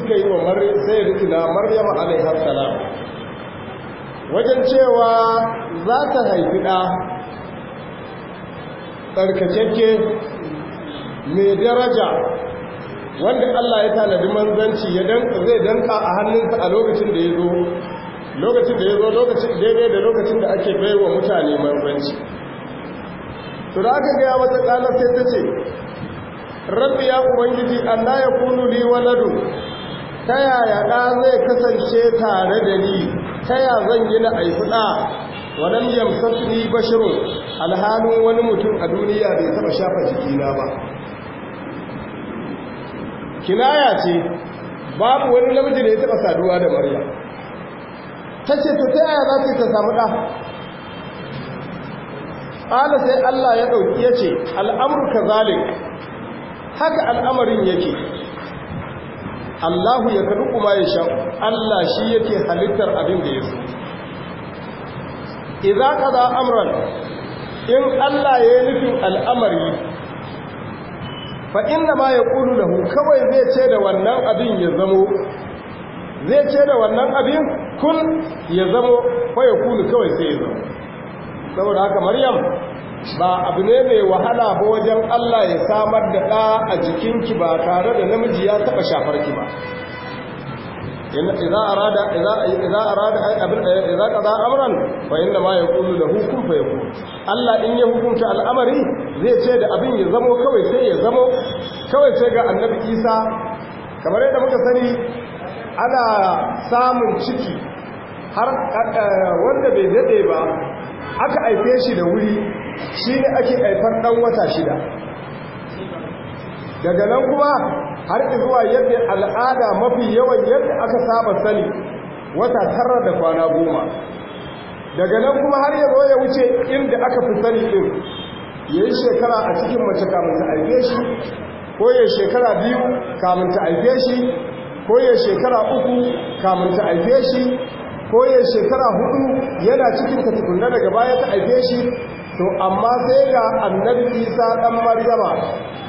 suka yi wa maryam alaiha salam wajen cewa za ta haifi ɗa tsarkakakke mai daraja wanda Allah ya tanadi manzanci ya zai danka a hannunsa a lokacin da ya zo lokacin da ya zo lokacin daidai da lokacin da ake baiwa mutane manzanci to da aka gaya wata ƙalar sai ta ce rabbi ya ubangiji Allah ya kunu li waladu ta yaya ɗa zai kasance tare da ni ta ya zan yi na aifi ɗa walam yamsasni alhalin wani mutum a duniya bai taɓa shafa jikina ba kinaya ce babu wani namiji da ya taɓa saduwa da maryam ta ce ta ta yaya za ta ta samu ɗa ƙala sai allah ya ɗauki ya ce al'amurka zalik haka al'amarin yake Allahu ya kaɗu kuma ya sha Allah shi yake halittar abin da ya so idza qada amran in Allah ya yi nufin al'amari fa inna ma yaqulu lahu kawai zai ce da wannan abin ya zamo zai ce da wannan abin kun ya zamo fa yaqulu kawai sai ya zamo saboda haka maryam ba abu ne mai wahala ba wajen Allah ya samar da ɗa a jikinki ba tare da namiji ya taɓa shafarki ba إذا amuran ba إذا أراد ya قضى da hukun fa ya كن Allah in إن hukunta al'amari zai ce da abin ya zamo kawai sai ya zamo kawai sai ga annabi Isa kamar yadda muka sani ana samun ciki har eh, wanda bai dade ba aka haife shi da wuri shi ne ake haifar ɗan wata shida daga nan kuma har zuwa yadda al'ada mafi yawan yadda aka saba sani wata tara da kwana goma daga nan kuma har ya zo ya wuce inda aka fi sani ɗin ya yi shekara a cikin mace kamun ta haife shi ko ya shekara biyu kamun ta haife shi ko ya shekara uku kamun ta haife shi koye shekara hudu yana cikin ta daga baya ta aike shi to amma sai ga annabi isa dan maryama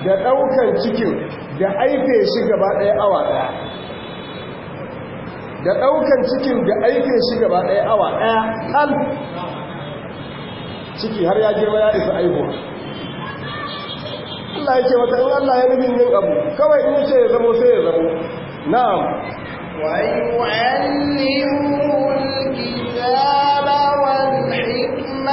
da daukan cikin da aike shi gaba daya awa daya da daukan cikin da aike shi gaba daya awa daya kal ciki har ya girma ya isa aihuwa Allah yake wata in Allah ya nufin yin abu kawai in yace ya zamo sai ya zamo na'am الكتاب والحكمة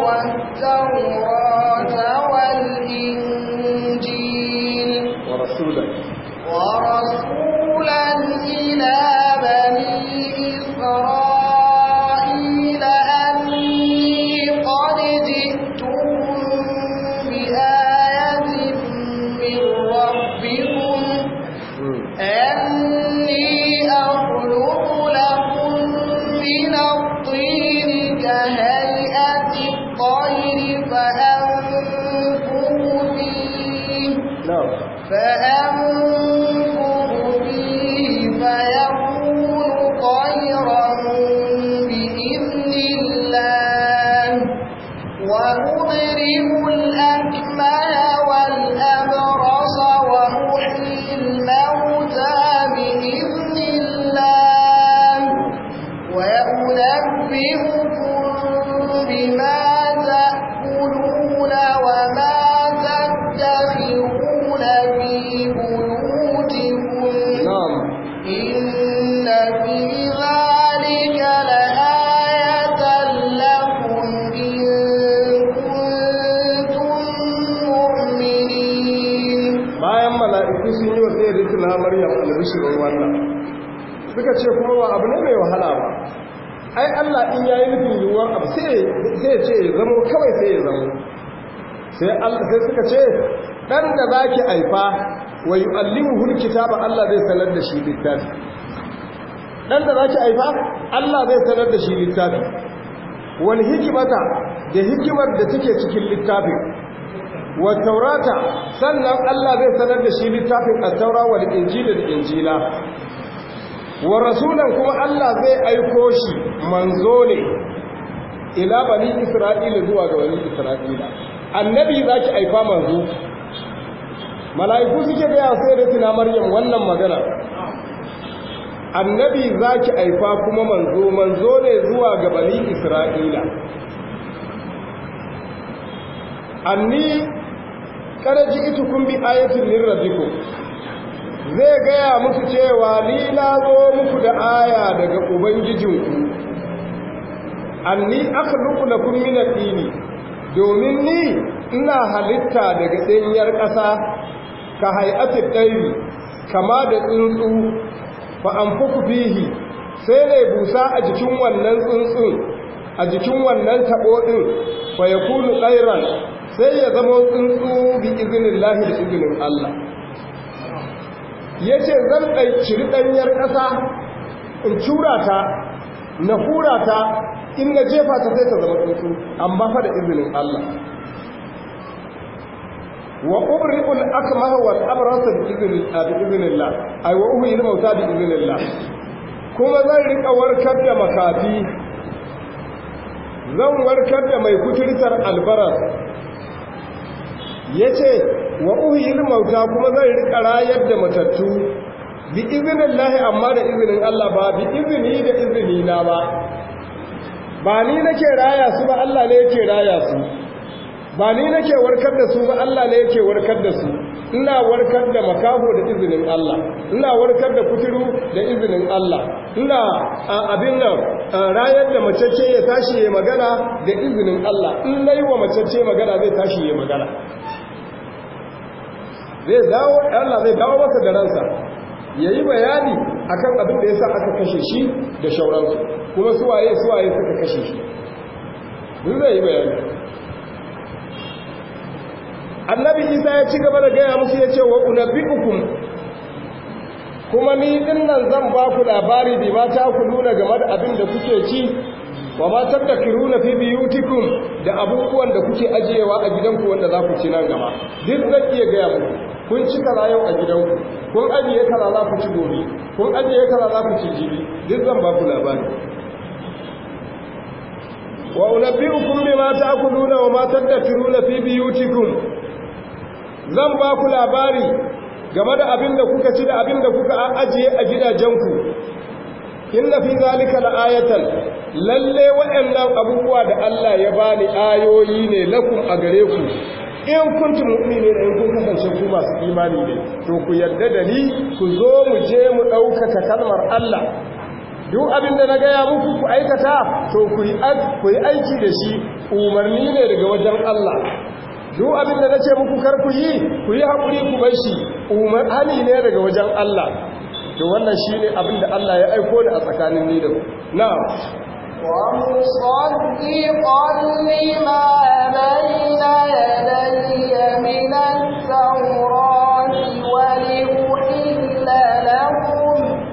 والتوراة والإنجيل ورسولا إلى sai suka ce ɗan da za ki haifa wa yi allimuhul Allah zai sanar da shi littafi ɗan da za ki haifa Allah zai sanar da shi littafi wani hikimata da hikimar da take cikin littafi wa taurata sannan Allah zai sanar da shi littafin a taura wa da injila da injila wa rasulan kuma Allah zai aiko shi manzo ne ila bani isra'ila zuwa ga wani isra'ila annabi za ki aifa manzo mala'iku suke gaya sai da tuna maryam wannan magana annabi za ki aifa kuma manzo manzo ne zuwa ga bani isra'ila anni karaji kun bi ayatin min zai gaya musu cewa ni na zo muku da aya daga ubangijinku anni akhluqu lakum min at-tini domin ni ina halitta daga tsayiyar ƙasa ka hai'atar ɗari kama da tsuntsu ba an fuku fihi sai ne busa a jikin wannan tsuntsun a jikin wannan taɓoɗin ba ya kunu ƙairan sai ya zama tsuntsu bi izinin lahi da izinin Allah ya ce zan ciri ɗanyar ƙasa in cura ta na hura ta in na jefa ta sai ta zama tsuntsu amma fa da izinin Allah wa ubri'ul akmaha wal abrasa bi abi ah, bi Allah ai wa ma ta bi Allah kuma zan rika warkar da makafi zan warkar da mai kuturtar albaras yace wa uhi mauta kuma zan rika rayar da matattu bi izinin Allah amma da izinin Allah ba bi izini da izini na ba ba ni nake raya su ba Allah ne yake raya su ba ni nake warkar da su ba Allah ne yake warkar da su ina warkar da makaho da izinin Allah ina warkar da kuturu da izinin Allah ina abin nan rayar da macece ya tashi ya magana da izinin Allah in nayi wa macece magana zai tashi ya magana zai dawo Allah zai dawo masa da ransa yayi bayani akan abin da yasa aka kashe shi da shauransu kuma suwaye suwaye suka kashe shi duk zai yi bayani annabi isa ya ci gaba da gaya musu ya ce wa ukun? kuma ni nan zan ba ku labari bi ma ta nuna game da abin da kuke ci wa ma kiruna fi biyutikum da abubuwan da kuke ajiyewa a gidanku wanda za ku ci nan gaba duk zan iya gaya muku kun ci kaza yau a gidanku kun ajiye kaza za ku ci gobe kun ajiye kaza za ku ci jibi duk zan ba ku labari وأنبئكم بما تأكلون nuna تدكرون في بيوتكم zan ba ku labari game da abin da kuka ci da abin da kuka ajiye a gidajenku na fi zalika la'ayatan lalle waɗannan abubuwa da Allah ya bani ayoyi ne lakum a gare ku in kuntum mu'mini ne in kun kasance ku masu imani ne to ku yarda da ni ku zo mu je mu ɗaukaka kalmar Allah duk abin da na gaya muku ku aikata to ku yi aiki da shi umarni ne daga wajen Allah duk abin da na ce muku kar ku yi ku yi haƙuri ku bai shi umarni ne daga wajen Allah to wannan shi ne abin da Allah ya aiko da a tsakanin ni da ku na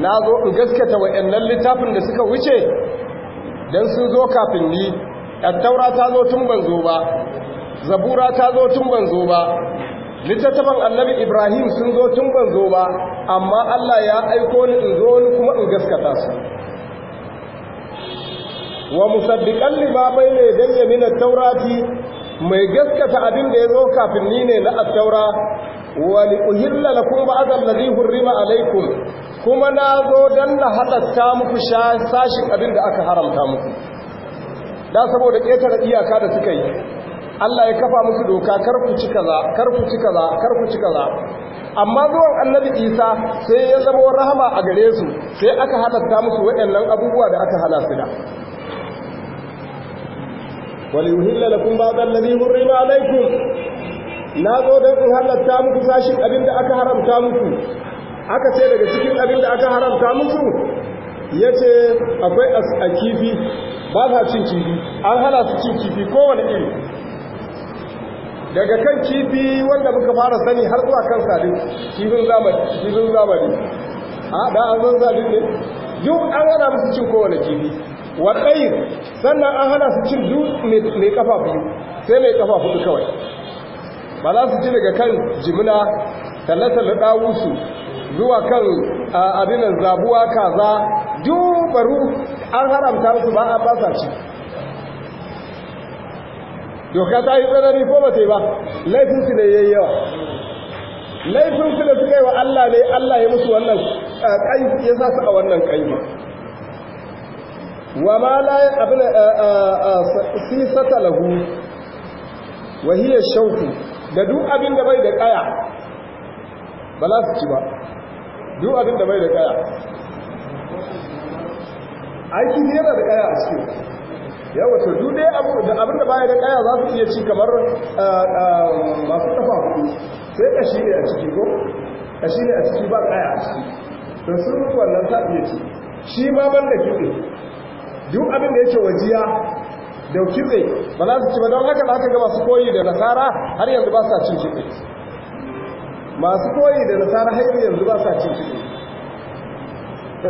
na zo in gaskata wa'annan littafin da suka wuce don sun zo kafin ni attaura ta zo tun ban zo ba zabura ta zo tun ban zo ba littattafan annabi ibrahim sun zo tun ban zo ba amma allah ya aiko ni in zo ni kuma in gaskata su wa musaddiqan libabai ne don min at-taurati mai gaskata abin da ya zo kafin ni ne na at wali uhilla lakum ba'da allazi hurrima alaikum kuma na zo dan na halatta muku sashin abin da aka haramta muku da saboda ƙetare iyaka da suka yi Allah ya kafa musu doka kar ku ci kaza kar ku ci kaza kar ku ci kaza amma zuwan annabi Isa sai ya zama rahama a gare su sai aka halatta musu waɗannan abubuwa da aka hana su da kuma ba بعض الذي hurrima عليكم na zo don in halatta muku sashin abin da aka haramta muku aka ce daga cikin abin da aka haramta muku ya ce akwai a kifi ba za cin kifi an hana su cin kifi kowane iri daga kan kifi wanda muka fara sani har zuwa kan sadin kifin zamani a da an zan sadin ne duk an hana musu cin kowane kifi yi sannan an hana su cin duk mai kafa biyu sai mai kafa hudu kawai ba za su ci daga kan jimina talle da ɗawusu zuwa kan abinan zabuwa kaza dubaru an haramta musu ba a basa ci doka ta yi tsanani ko ba ta yi ba laifinsu ne yayi yawa laifinsu da suka yi wa Allah ne Allah ya musu wannan kai ya sa su a wannan kai ba wa ma la abin sisata lahu wa shauku da duk abin da bai da kaya ba za su ci ba duk abin da bai da kaya aiki ne yana da kaya a cikin ya wata duk dai abin da bai da kaya za su iya ci kamar eh, eh, masu kafa hudu sai kashi ne a ciki ko kashi ne a ciki ba kaya a ciki don sun mutu wannan ta iya ci shi ma ban da kiɗe duk abin da yake wajiya da kitse ba za su ci ba don haka da haka ga masu koyi da nasara har yanzu ba sa cin kitse masu koyi da nasara har yanzu ba sa cin kitse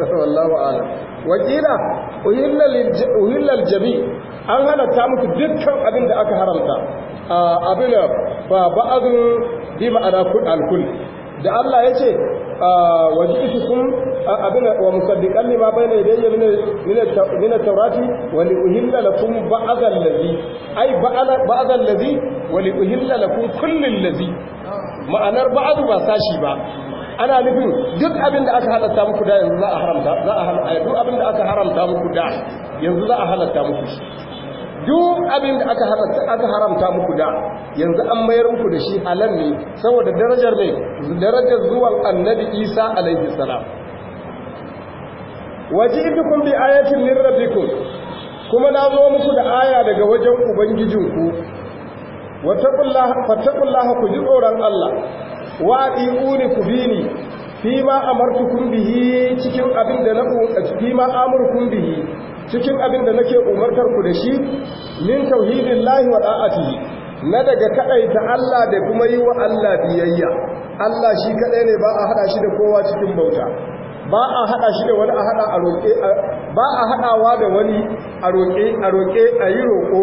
wallahu a'lam wakila uhillal jami an halatta muku dukkan abin da aka haramta abin ba ba'adun bi ma'ana kul alkul da Allah ya ce وجئتكم أبنا ومصدقا لما بين يدي من من التوراة ولأهل لكم بعض الذي أي بعض الذي ولأهل لكم كل الذي ما أنا بعض ما ساشي ba ana nufin duk abin da aka halatta muku da yanzu za a haramta za a halatta duk abin da aka haramta muku da yanzu za a halatta muku duk abin da aka haramta aka haramta muku da yanzu an mayar muku da shi halal ne saboda darajar ne darajar zuwan annabi isa alaihi salam waji'tukum bi ayatin min rabbikum kuma na zo muku da aya daga wajen ubangijinku wattaqullaha ku ji tsoron Allah wa atiuni ku bini fi ma amartukum bihi cikin abin da na ku fi ma amurkum bihi cikin abin da nake umartar ku da shi min lahi wa da'atihi na daga kaɗai ta Allah da kuma yi wa Allah biyayya Allah shi kaɗai ne ba a hada shi da kowa cikin bauta ba a hada shi da wani a hada a roƙe ba a hadawa da wani a roƙe a roƙe a yi roƙo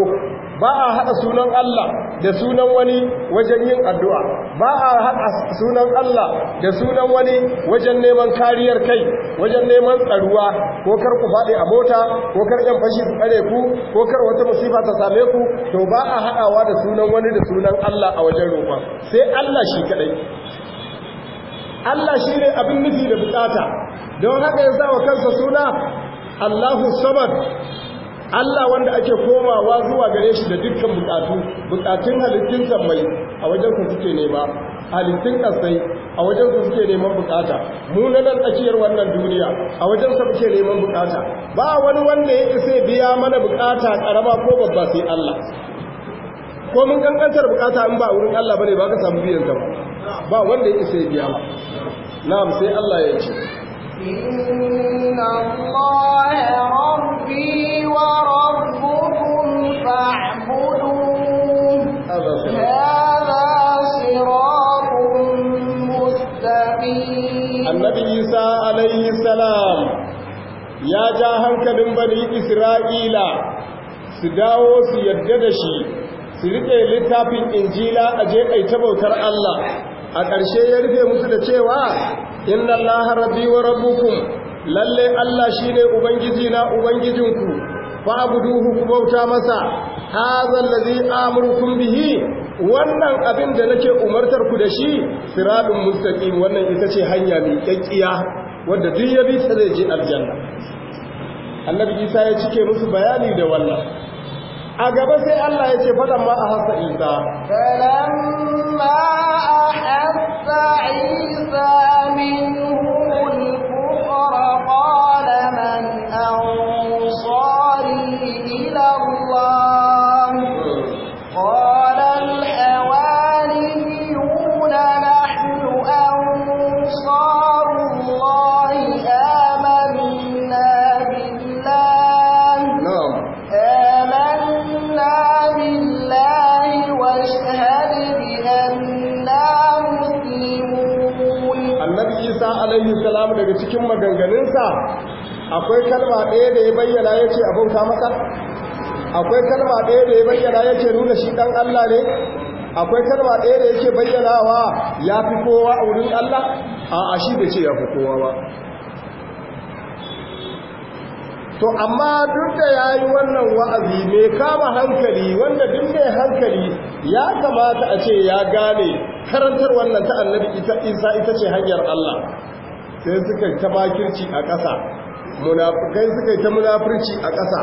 ba a haɗa sunan Allah da sunan wani wajen yin addu'a ba a haɗa sunan Allah da sunan wani wajen neman kariyar kai wajen neman tsaruwa ko kar ku faɗi a mota ko kar yan fashi su tsare ku ko kar wata musifa ta same ku to ba a haɗawa da sunan wani da sunan Allah a wajen roƙa, sai Allah shi kaɗai Allah shi ne abin nufi da bukata don haka ya sa wa kansa suna Allahu Samad Allah wanda ake komawa zuwa gare shi da dukkan bukatu bukatun halittun sammai a wajen ku suke nema halittun kasai a wajen ku suke neman bukata mu na nan tsakiyar wannan duniya a wajen sa muke neman bukata ba wani wanda ya isa biya mana bukata karama ko babba sai Allah ko mun kankantar bukata in ba wurin Allah bane ba ka samu biyan ka, ba wanda ya isa biya ba na'am sai Allah ya ce inna allaha rabbi وربكم فاعبدوه هذا صراط مستقيم النبي عيسى عليه السلام يا جاهنك من بني إسرائيل su dawo su yarda da shi su riƙe littafin injila a je a ta bautar Allah a ƙarshe ya rufe musu da cewa inna allaha rabbi wa rabbukum lalle Allah shine ubangiji na ubangijinku fa'buduhu ku bauta masa hadha allazi amurukum bihi wannan abin da nake umartar ku da shi siratun mustaqim wannan ita ce hanya mai kakkiya wadda duk ya bi ta zai je aljanna annabi isa ya cike musu bayani da wannan a gaba sai Allah ya ce faɗan ma a hasa isa falamma a hasa isa isa alaihi salam daga cikin maganganunsa akwai kalma ɗaya da ya bayyana ya ce abauta masa akwai kalma ɗaya da ya bayyana ya ce nuna shi ɗan Allah ne akwai kalma ɗaya da yake bayyanawa ya fi kowa a wurin Allah a ashi da ce ya fi kowa ba to amma duk da ya yi wannan wa'azi mai kama hankali wanda duk mai hankali ya kamata a ce ya gane karantar wannan ta annabi ita isa ita ce hanyar Allah sai suka ta bakirci a ƙasa munafukai suka yi ta munafurci a ƙasa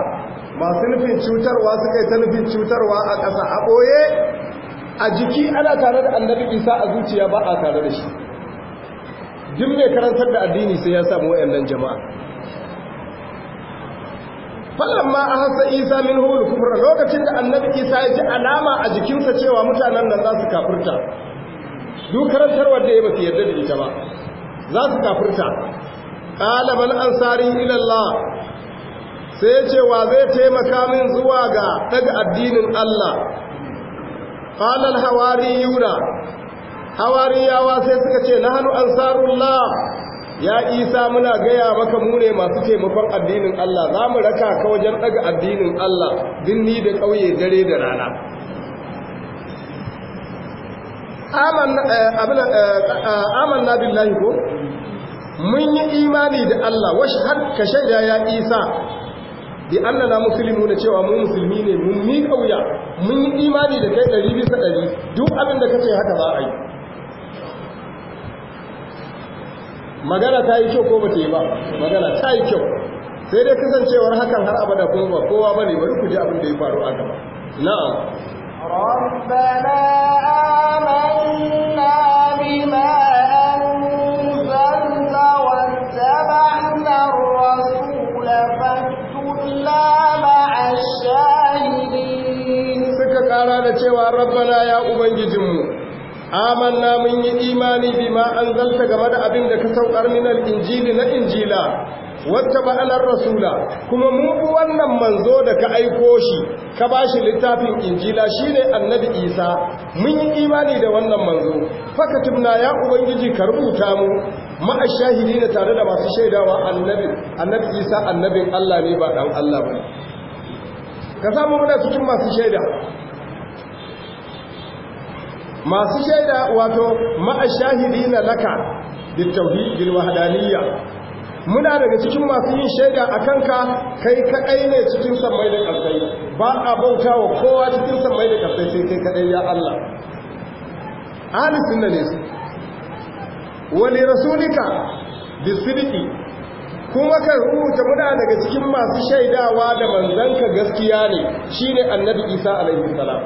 masu nufin cutarwa suka ta nufin cutarwa a ƙasa a ɓoye a jiki ana tare da annabi isa a zuciya ba a tare da shi duk mai karantar da addini sai ya samu wayannan jama'a fallan ma a hasa isa min hulu kufra lokacin da annabi isa ya ci alama a jikinsa cewa mutanen da za su kafirta duk karantarwar da ya ba su yarda da ita ba za su kafirta ƙalaban ansari ilallah sai ya ce wa zai taimaka min zuwa ga daga addinin Allah ƙalal hawari Hawari yawa sai suka ce na hannu la. ya isa muna gaya maka mu ne masu taimakon addinin Allah za mu raka ka wajen daga addinin Allah dinni da ƙauye dare da rana Aman, eh, eh, eh, amanna billahi ko mun yi imani da Allah washi har ka shaida ya isa bi annana musulmi da cewa mu musulmi ne mun mi kauya mun yi imani da kai dari bisa dari, duk abin da kace haka za a yi magana ta yi kyau ko ba ta yi ba magana ta yi kyau sai dai kasancewar hakan har abada kuma ba kowa bane bari ku ji abin da ya faru a gaba na'am cewa rabbana ya ubangijinmu amanna mun yi imani bima anzalta game da abin da ka saukar min injili na injila wata ba'anar rasula kuma mu wannan manzo da ka aiko shi ka ba shi littafin injila shi ne annabi isa mun yi imani da wannan manzo fakatumna ya ubangiji ka rubuta mu shahidi da tare da masu shaidawa annabi annabi isa annabin allah ne ba dan allah ba ka samu muna cikin masu shaida masu shaida wato shahidi na laka da tauhidin wahdaniyya muna daga cikin masu yin shaida a kanka kai kaɗai ne cikin sammai da ƙarfai ba a bauta wa kowa cikin sammai da ƙarfai sai kai kaɗai ya Allah ahalisun da ne su wani rasulika kuma kan rubuta muna daga cikin masu shaidawa da manzanka gaskiya ne shine annabi isa alaihi salam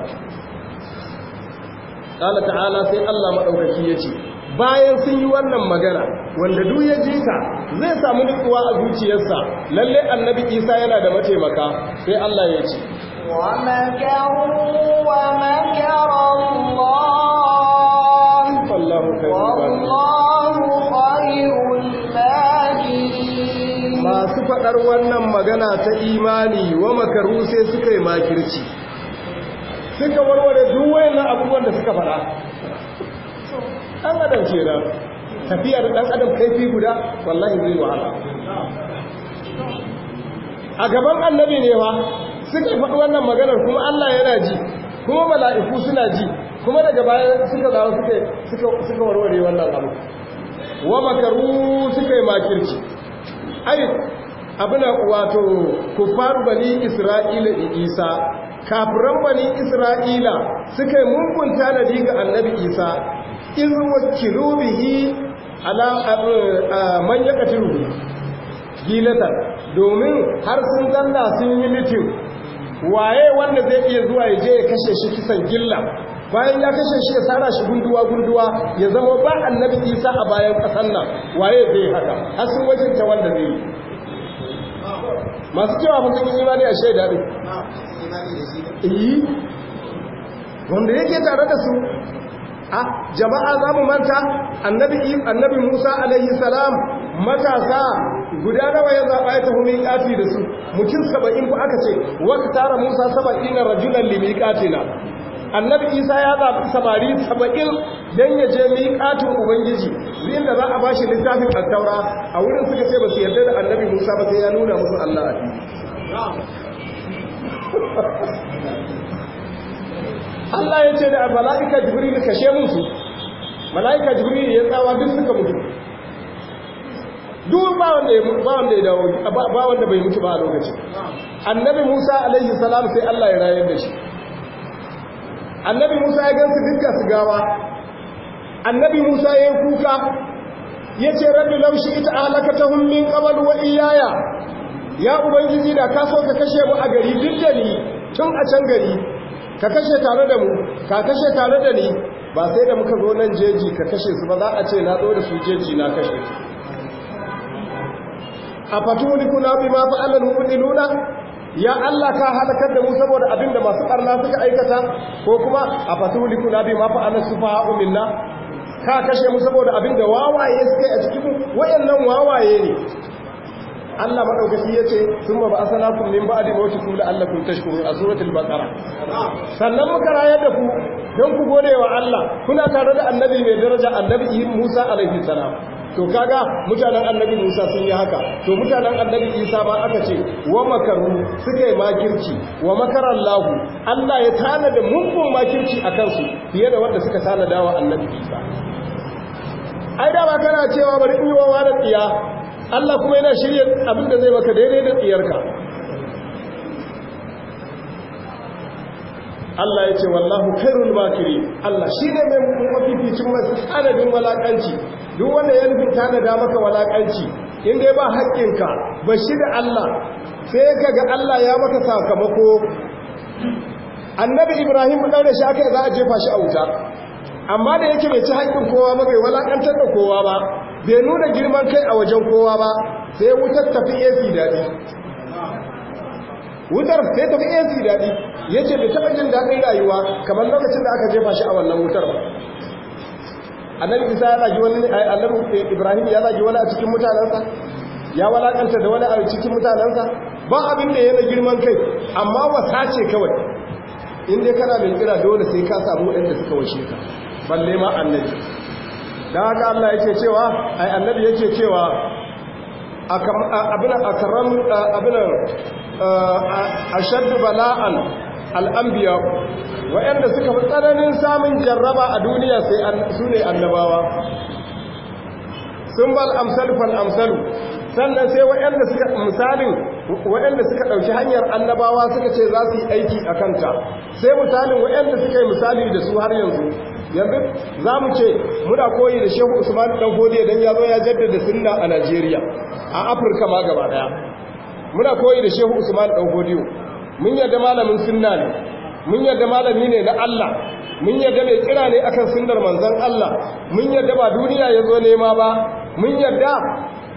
ta'ala sai Allah maɗaukaki ya ce. bayan sun yi wannan magana wanda duk ya ji ta zai samu nutsuwa a zuciyarsa lalle annabi isa yana da mataimaka sai allah ya ce masu faɗar wannan magana ta imani wa makaru sai suka yi makirci suka warware duk wayannan abubuwan da suka faɗa ɗan adam da tafiya tafiyar ɗan adam kaifi guda wallahi zai wahala a gaban annabi ne ba suka faɗi wannan maganar kuma Allah yana ji kuma mala'iku suna ji kuma daga baya suka zawo suka warware wannan abu wa makaru suka yi makirci ai abin wato kufaru bani isra'ila da isa kafiran bani isra'ila suka yi mugun tanadi ga annabi isa in huwa kirubihi ala man ya katiru gilata domin har sun zanna sun yi mitin waye wanda zai iya zuwa ya je ya kashe shi kisan gilla bayan ya kashe shi ya tsara shi gunduwa-gunduwa ya zama ba annabi isa a bayan ƙasar nan waye zai haka har sun wajinta wanda zai yi masu cewa mutum yi imani a shaida ne yi wanda yake tare da su a jama'a za mu manta annabi musa alaihi salam matasa guda nawa ya zaɓa ya tafi miƙati da su mutum saba'in ku aka ce wata tara musa 70 na rajulan limiƙati na annabi isa ya zaɓi samari saba'in dan ya je miƙatin ubangiji zai da za a bashi littafin attaura a wurin suka ce ba su yarda da annabi musa ba sai ya nuna musu allah a Allah ya ce da mala'ika jibril kashe musu, mala'ika mala'ika jibril ya tsawa duk suka mutu duk ba wanda ya ba wanda ya dawo ba wanda bai mutu ba a lokaci. annabi Musa alaihi salam sai Allah ya rayar da shi annabi Musa ya gansu dukka su gawa annabi Musa ya yi kuka ya ce rabbi laushi ita halakatahum min qabl wa iyaya ya ubangiji da kaso ka kashe mu a gari duk da ni tun a can gari ka kashe tare da mu ka kashe tare da ni ba sai da muka zo nan jeji ka kashe su ba za a ce na zo da su jeji na kashe su a fatuni kuna bi ma fa'alal mu'minuna ya Allah ka halakar da mu saboda abin da masu barna suka aikata ko kuma a fatuli kuna bi ma su sufaha'u minna ka kashe mu saboda abin da wawaye suka yi a cikin wayannan wawaye ne Allah madaukaki yace thumma ba'athnakum min ba'di Allah kun tashkurun a suratul baqara sannan muka rayar da ku don ku gode wa Allah kuna tare da annabi mai daraja annabi Musa alaihi salam to kaga mutanen annabi Musa sun yi haka to mutanen annabi Isa ba aka ce wa makaru suka yi makirci wa makaran lahu Allah ya tanada mugun makirci a kansu fiye da wanda suka tanada annabi Isa ai da ba kana cewa bari in yi wa wani tsiya Allah kuma yana shirya abin da zai baka daidai da tsiyarka Allah ya ce wallahu khairul bakiri Allah shi ne mai mafificin masu tsanadin walakanci duk wanda ya nufin tanada maka walakanci in ya ba haƙƙinka ba shi da Allah sai ka ga Allah ya maka sakamako annabi Ibrahim ɗan da shi aka za a jefa shi a wuta amma da yake bai ci haƙƙin kowa ba bai walakantar da kowa ba bai nuna girman kai a wajen kowa ba sai wutar tafi AC daɗi wutar sai tafi AC daɗi ya ce bai taɓa jin daɗin rayuwa kamar lokacin da aka jefa shi a wannan wutar ba annabi isa ya zagi wani eh, annabi eh, ibrahim ya zagi wani a cikin mutanensa ya walakanta da wani a cikin mutanensa ba abin da yana girman kai amma wasa ce kawai in dai kana mai kira dole sai ka samu waɗanda suka washe ka balle ma annabi da haka Allah yake cewa ai annabi yake cewa abin akram abin ashaddu bala'an al'ambiya suka fi tsananin samun jarraba a duniya sai su ne annabawa sun bal amsalu fal amsalu sannan sai waɗanda suka misalin waɗanda suka ɗauki hanyar annabawa suka ce za su yi aiki a kanta sai misalin waɗanda suka yi misali da su har yanzu yanzu za mu ce muna koyi da shehu usman ɗan godiya don ya zo ya jaddada sunna a najeriya a afirka ma gaba ɗaya. muna koyi da shehu usman ɗan godiyo mun yarda malamin sunna ne mun yarda malami ne na allah mun yarda mai kira ne akan sunnar manzon allah mun yarda ba duniya ya zo nema ba mun yarda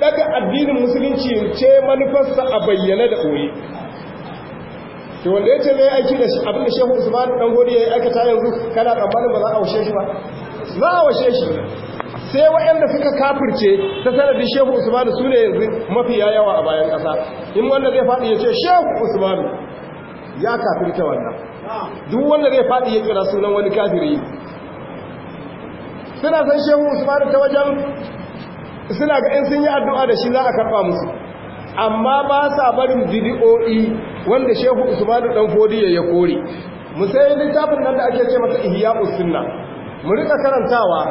daga addinin musulunci ce manufarsa a bayyana da koyi to wanda ya ce zai aiki da abin da shehu usman dan gori ya yi aikata yanzu kana tsammanin ba za a washe shi ba za a washe shi sai waɗanda suka kafirce ta sanadin shehu usman su ne yanzu mafi yawa a bayan ƙasa in wanda zai faɗi ya ce shehu usman ya kafirta wannan duk wanda zai faɗi ya kira sunan wani kafiri suna san shehu usman ta wajen suna ga in sun yi addu'a da shi za a karɓa musu amma ba sa barin bidiyo'i wanda shehu usmanu ɗan fodiya ya kore mu sai littafin nan da ake ce masa ihya usunna Muri rika karantawa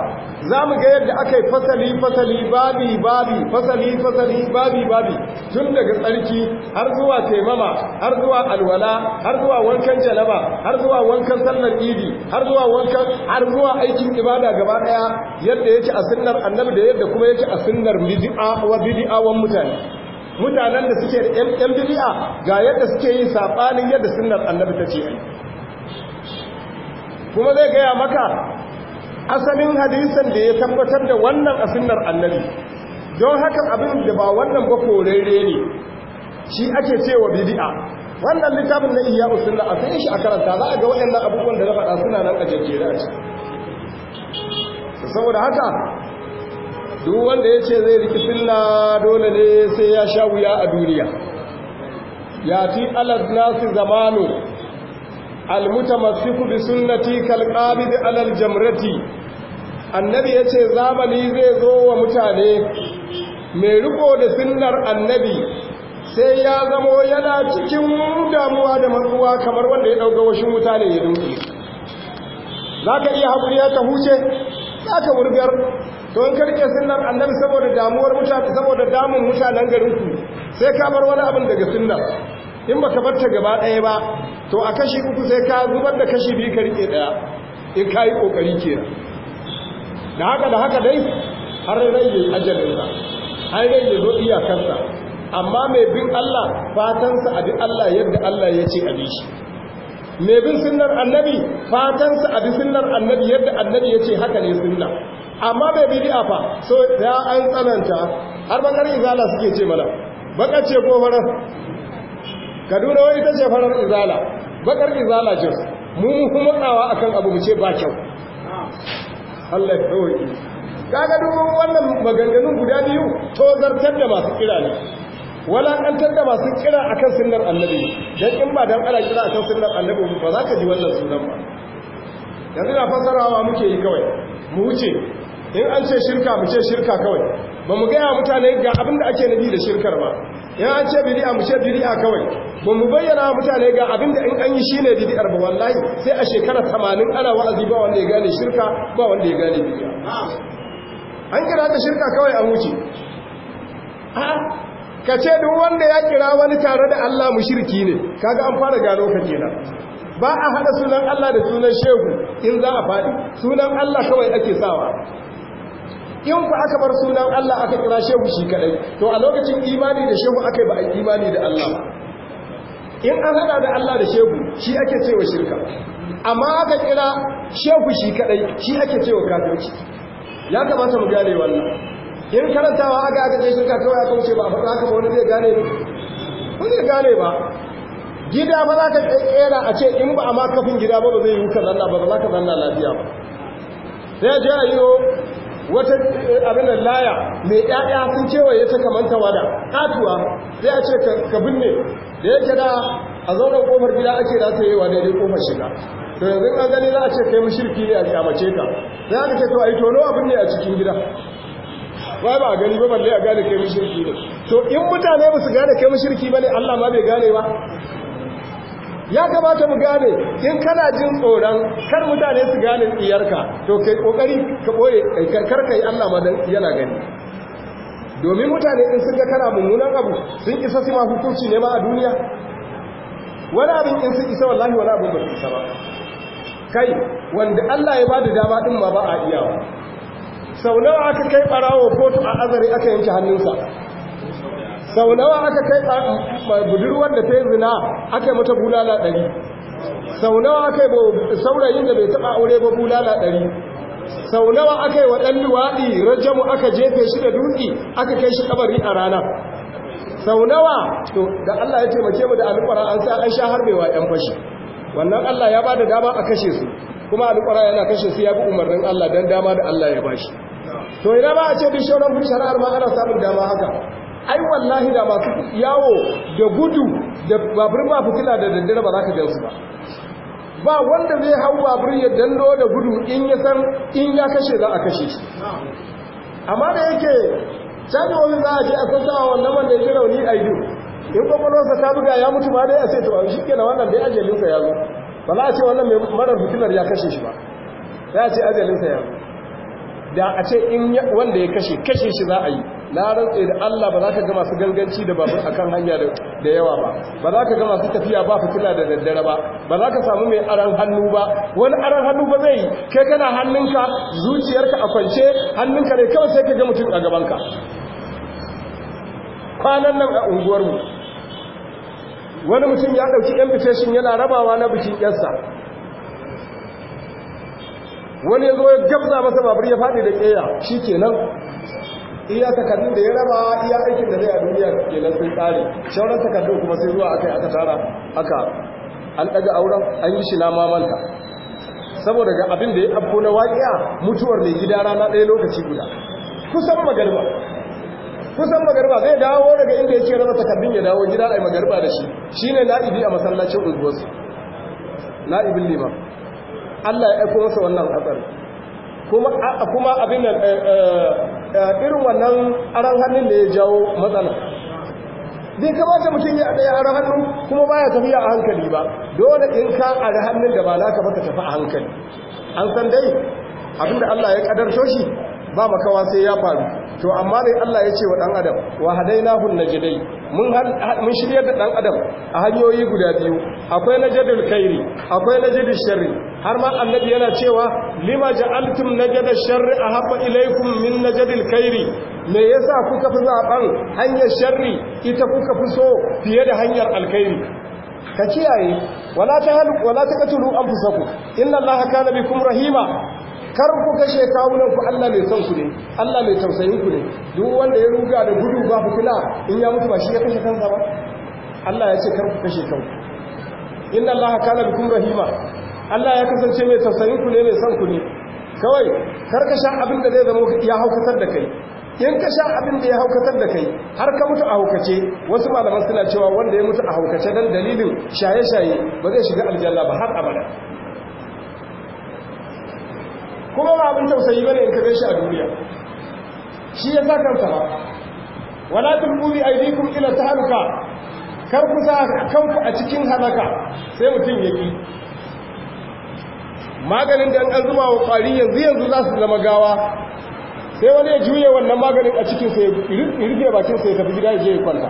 za mu ga yadda aka yi fasali fasali babi babi fasali fasali babi babi tun daga tsarki har zuwa taimama har zuwa alwala har zuwa wankan jalaba har zuwa wankan sallar idi har zuwa wankan har zuwa aikin ibada gaba daya yadda yake a sunnar annabi da yadda kuma yake a sunnar bid'a wa bid'a wa mutane mutanen da suke da yan bid'a ga yadda suke yin sabanin yadda sunnar annabi ta ce kuma zai gaya maka asalin hadisan da ya tabbatar da wannan a annabi don hakan abin da ba wannan ba korere ne shi ake cewa bidi'a wannan littafin na iya sunna a sai shi a karanta za a ga waɗannan abubuwan da na faɗa suna nan a jejjere a ciki saboda haka duk wanda ya ce zai riki filla dole ne sai ya sha wuya a duniya ya ti alad nasu zamanu almutamassiku bi sunnati kalqabid alal jamrati annabi yace zamani zai zo wa mutane mai riko da sunnar annabi sai ya zamo yana cikin damuwa da matsuwa kamar wanda ya dauka washin mutane ya dinki zaka iya hakuri ka huce zaka wurgar to in karke sunnar annabi saboda damuwar mutane saboda damun mutanen garinku sai ka bar wani abin daga sunnar in ba ka batta gaba ɗaya ba to a kashi uku sai ka zubar da kashi biyu ka riƙe ɗaya in ka yi ƙoƙari ke da haka da haka dai har rai ya ajalinsa har rai ya zo iyakarsa amma mai bin Allah fatansa a bi Allah yadda Allah ya ce a bi shi mai bin sunnar annabi fatansa a bi sunnar annabi yadda annabi ya ce haka ne sunna amma mai bidi'a fa so ya an tsananta har bakar izala suke ce mana baka ce ko farar kaduna wai ita ce farar izala bakar izala jos mu kuma a akan abu mu ce ba kyau Allah ya kawai kaga dubin wannan maganganun guda biyu tozartar da masu kira ne walakantar da masu kira akan sunnar annabi dan in ba dan ala kira akan sunnar annabi ba za ka ji wannan sunan ba yanzu na fasarawa muke yi kawai mu wuce in an ce shirka mu ce shirka kawai ba mu gaya mutane ga abin da ake nabi da shirkar ba in an ce bidi'a mu ce bidi'a kawai ba mu bayyana mutane ga abinda in an yi shine bidi'ar ba wallahi sai a shekara 80 ana wa'azi ba wanda ya gane shirka ba wanda ya gane bidi'a an kira ta shirka kawai an wuce a ka ce duk wanda ya kira wani tare da Allah mu shirki ne kaga an fara gano ka kenan ba a hada sunan Allah da sunan shehu in za a faɗi sunan Allah kawai ake sawa in ku aka bar sunan Allah aka kira shehu shi kadai to a lokacin imani da shehu akai ba a imani da Allah in an hada da Allah da shehu shi ake cewa shirka amma aka kira shehu shi kadai shi ake cewa kafirci ya kamata mu gane wannan in karantawa aka aka ce shirka kawai aka wuce ba fara haka ba wani zai gane ba zai gane ba gida ba za ka kera a ce in ba a ma kafin gida ba ba zai yi wuka zanna ba za ka zanna lafiya ba sai ya je a yi wata eh, abin da laya mai ɗaya sun ya ta kamar tawada katuwa sai a ce ka binne da yake da a zauren ƙofar gida ake da ta yi wa daidai ƙofar shiga to yanzu an gani za a ce kai mushriki ne a kyamace ka Za a ce to ai tono a binne a cikin gida wai ba a gani ba balle a gane kai mushriki ne to in mutane ba su gane kai ba ne, Allah ma bai gane ba ya kamata mu gane in kana jin tsoron kar mutane su gane tsiyarka to kai kokari ka boye karkar kai Allah ma yana gani domin mutane in sun ga kana mummunan abu sun isa su ma hukunci ne ma a duniya wani abin in sun isa wallahi wani abin ba su isa ba kai wanda Allah ya bada dama din ma ba a iyawa sau nawa aka kai barawo kotu a azari aka yanke hannunsa sau nawa aka kai budurwar da ta yi zina aka mata bulala ɗari sau nawa aka yi saurayin da bai taɓa aure ba bulala ɗari sau nawa aka yi wa waɗi rajamu aka jefe shi da dutse aka kai shi kabari a rana sau nawa to da Allah ya taimake mu da alƙura an sa an sha harbewa ƴan fashi wannan Allah ya bada dama a kashe su kuma alƙura yana kashe su ya bi umarnin Allah dan dama da Allah ya bashi to ina ba a ce duk shauran shari'ar ma ana samun dama haka ai wallahi da masu yawo da gudu da babur ba fitila da daddare ba za ka jansu ba ba wanda zai hau babur ya dando da gudu in ya san in ya kashe za a kashe shi amma da yake wani za a ce a sassa a wannan wanda ya rauni a yi in kwakwalwarsa ta buga ya mutu ma dai a sai to shi na wannan dai ajalinsa ya zo ba za a ce wannan mai marar fitilar ya kashe shi ba za a ce ajalinsa ya zo da a ce in wanda ya kashe kashe shi za a yi na rantse da Allah ba za ka ga masu ganganci da babur akan hanya da yawa ba ba za ka ga masu tafiya ba fitila da daddare ba ba za ka samu mai aran hannu ba wani aran hannu ba zai kai kana hannunka zuciyarka a kwance hannunka ne kawai sai ka ga mutum a gabanka kwanan nan a unguwarmu wani mutum ya ɗauki invitation yana rabawa na bikin yansa wani ya zo ya gabza masa babur ya faɗi da ƙeya shi kenan iya takardun da ya raba iya aikin da zai a duniya ke nan sai tsari shauran takardu kuma sai zuwa aka yi aka tara aka an ɗaga auren an yi shi na mamanta saboda ga abin da ya afko na waƙiya mutuwar mai gida rana ɗaya lokaci guda kusan magarba kusan magarba zai dawo daga inda ya ce raba takardun ya dawo gida a magarba da shi shi ne na'ibi a masallacin uzuwarsu na'ibin lima allah ya aiko masa wannan hatsari kuma abin da. Eh, irin wannan aron hannun da ya jawo matsala bai kamata mutum ya ɗaya aran hannu kuma baya tafiya a hankali ba dole in ka ara hannun da ba ka tafi a hankali an san dai abinda Allah ya ƙadarto shi ba makawa sai ya faru to amma dai Allah ya ce wa dan adam wa hadainahu najdai mun mun shiryar da ɗan adam a hanyoyi guda biyu akwai najdul khairi akwai najdul sharri har ma annabi yana cewa lima ja'altum najdul sharri ahabba ilaykum min najdul khairi me yasa kuka fi zaban hanyar sharri ita kuka fi so fiye da hanyar alkhairi ka kiyaye wala ta halu wala ta katulu anfusakum inna allaha kana bikum rahima kar ku kashe kawunan ku Allah mai son ku ne Allah mai tausayin ku ne duk wanda ya ruga da gudu ba kula, in ya mutu ba shi ya kashe kansa ba Allah ya ce kar ku kashe kanku inna Allah kana bikum rahima Allah ya kasance mai tausayin ku ne mai son ku ne kawai kar ka sha abin da zai zama ya haukatar da kai in ka sha abin da ya haukatar da kai har ka mutu a haukace wasu malaman suna cewa wanda ya mutu a haukace dan dalilin shaye-shaye ba zai shiga aljanna ba har abada kuma ba abin tausayi bane in ka shi a duniya shi ya sa kansa ba wala tulqu bi aydikum ila tahalka kar ku sa kanku a cikin halaka sai mutum yaki maganin da an zuma wa kwari yanzu yanzu za su zama gawa sai wani ya juye wannan maganin a cikin sai rufe bakin sai tafi gida ya je ya kwanta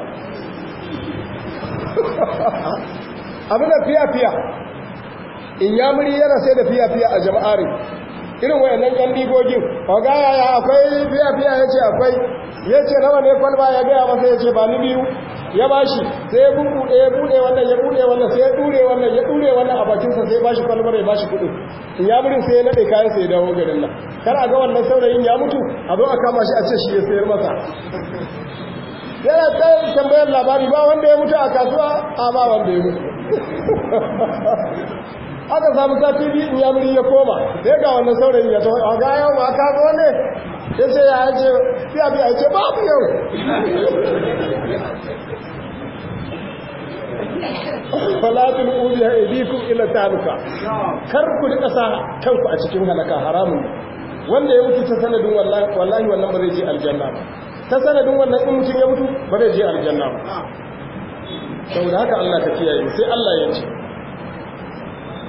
abin da fiya fiya in muri yana sai da fiya fiya a jama'arin irin wayannan yan digogin ga yaya akwai biya biya yace akwai yace nawa ne kwalba ya gaya masa yace ba ni biyu ya bashi sai bugu buɗe ya wannan ya bude wannan sai ya dure wannan ya dure wannan a bakin sa sai bashi kwalbar ya bashi kuɗi in ya burin sai ya nade kayan sai ya dawo garin nan kar a ga wannan saurayin ya mutu a zo a kama shi a ce shi ya sayar masa yana tsayin tambayar labari ba wanda ya mutu a kasuwa a ba wanda ya mutu aka samu sati biyu in yamuri ya koma sai ga wannan saurayin ya tafi a gaya yau ma ka zo ne ya ce ya ce biya biya ya ce babu yau falatul ubiya idikum ila taluka kar ku rika sa kanku a cikin halaka haramun wanda ya mutu ta sanadin wallahi wannan ba zai je aljanna ba ta sanadin wannan in mutum ya mutu ba zai je aljanna ba saboda haka Allah ka kiyaye sai Allah ya ce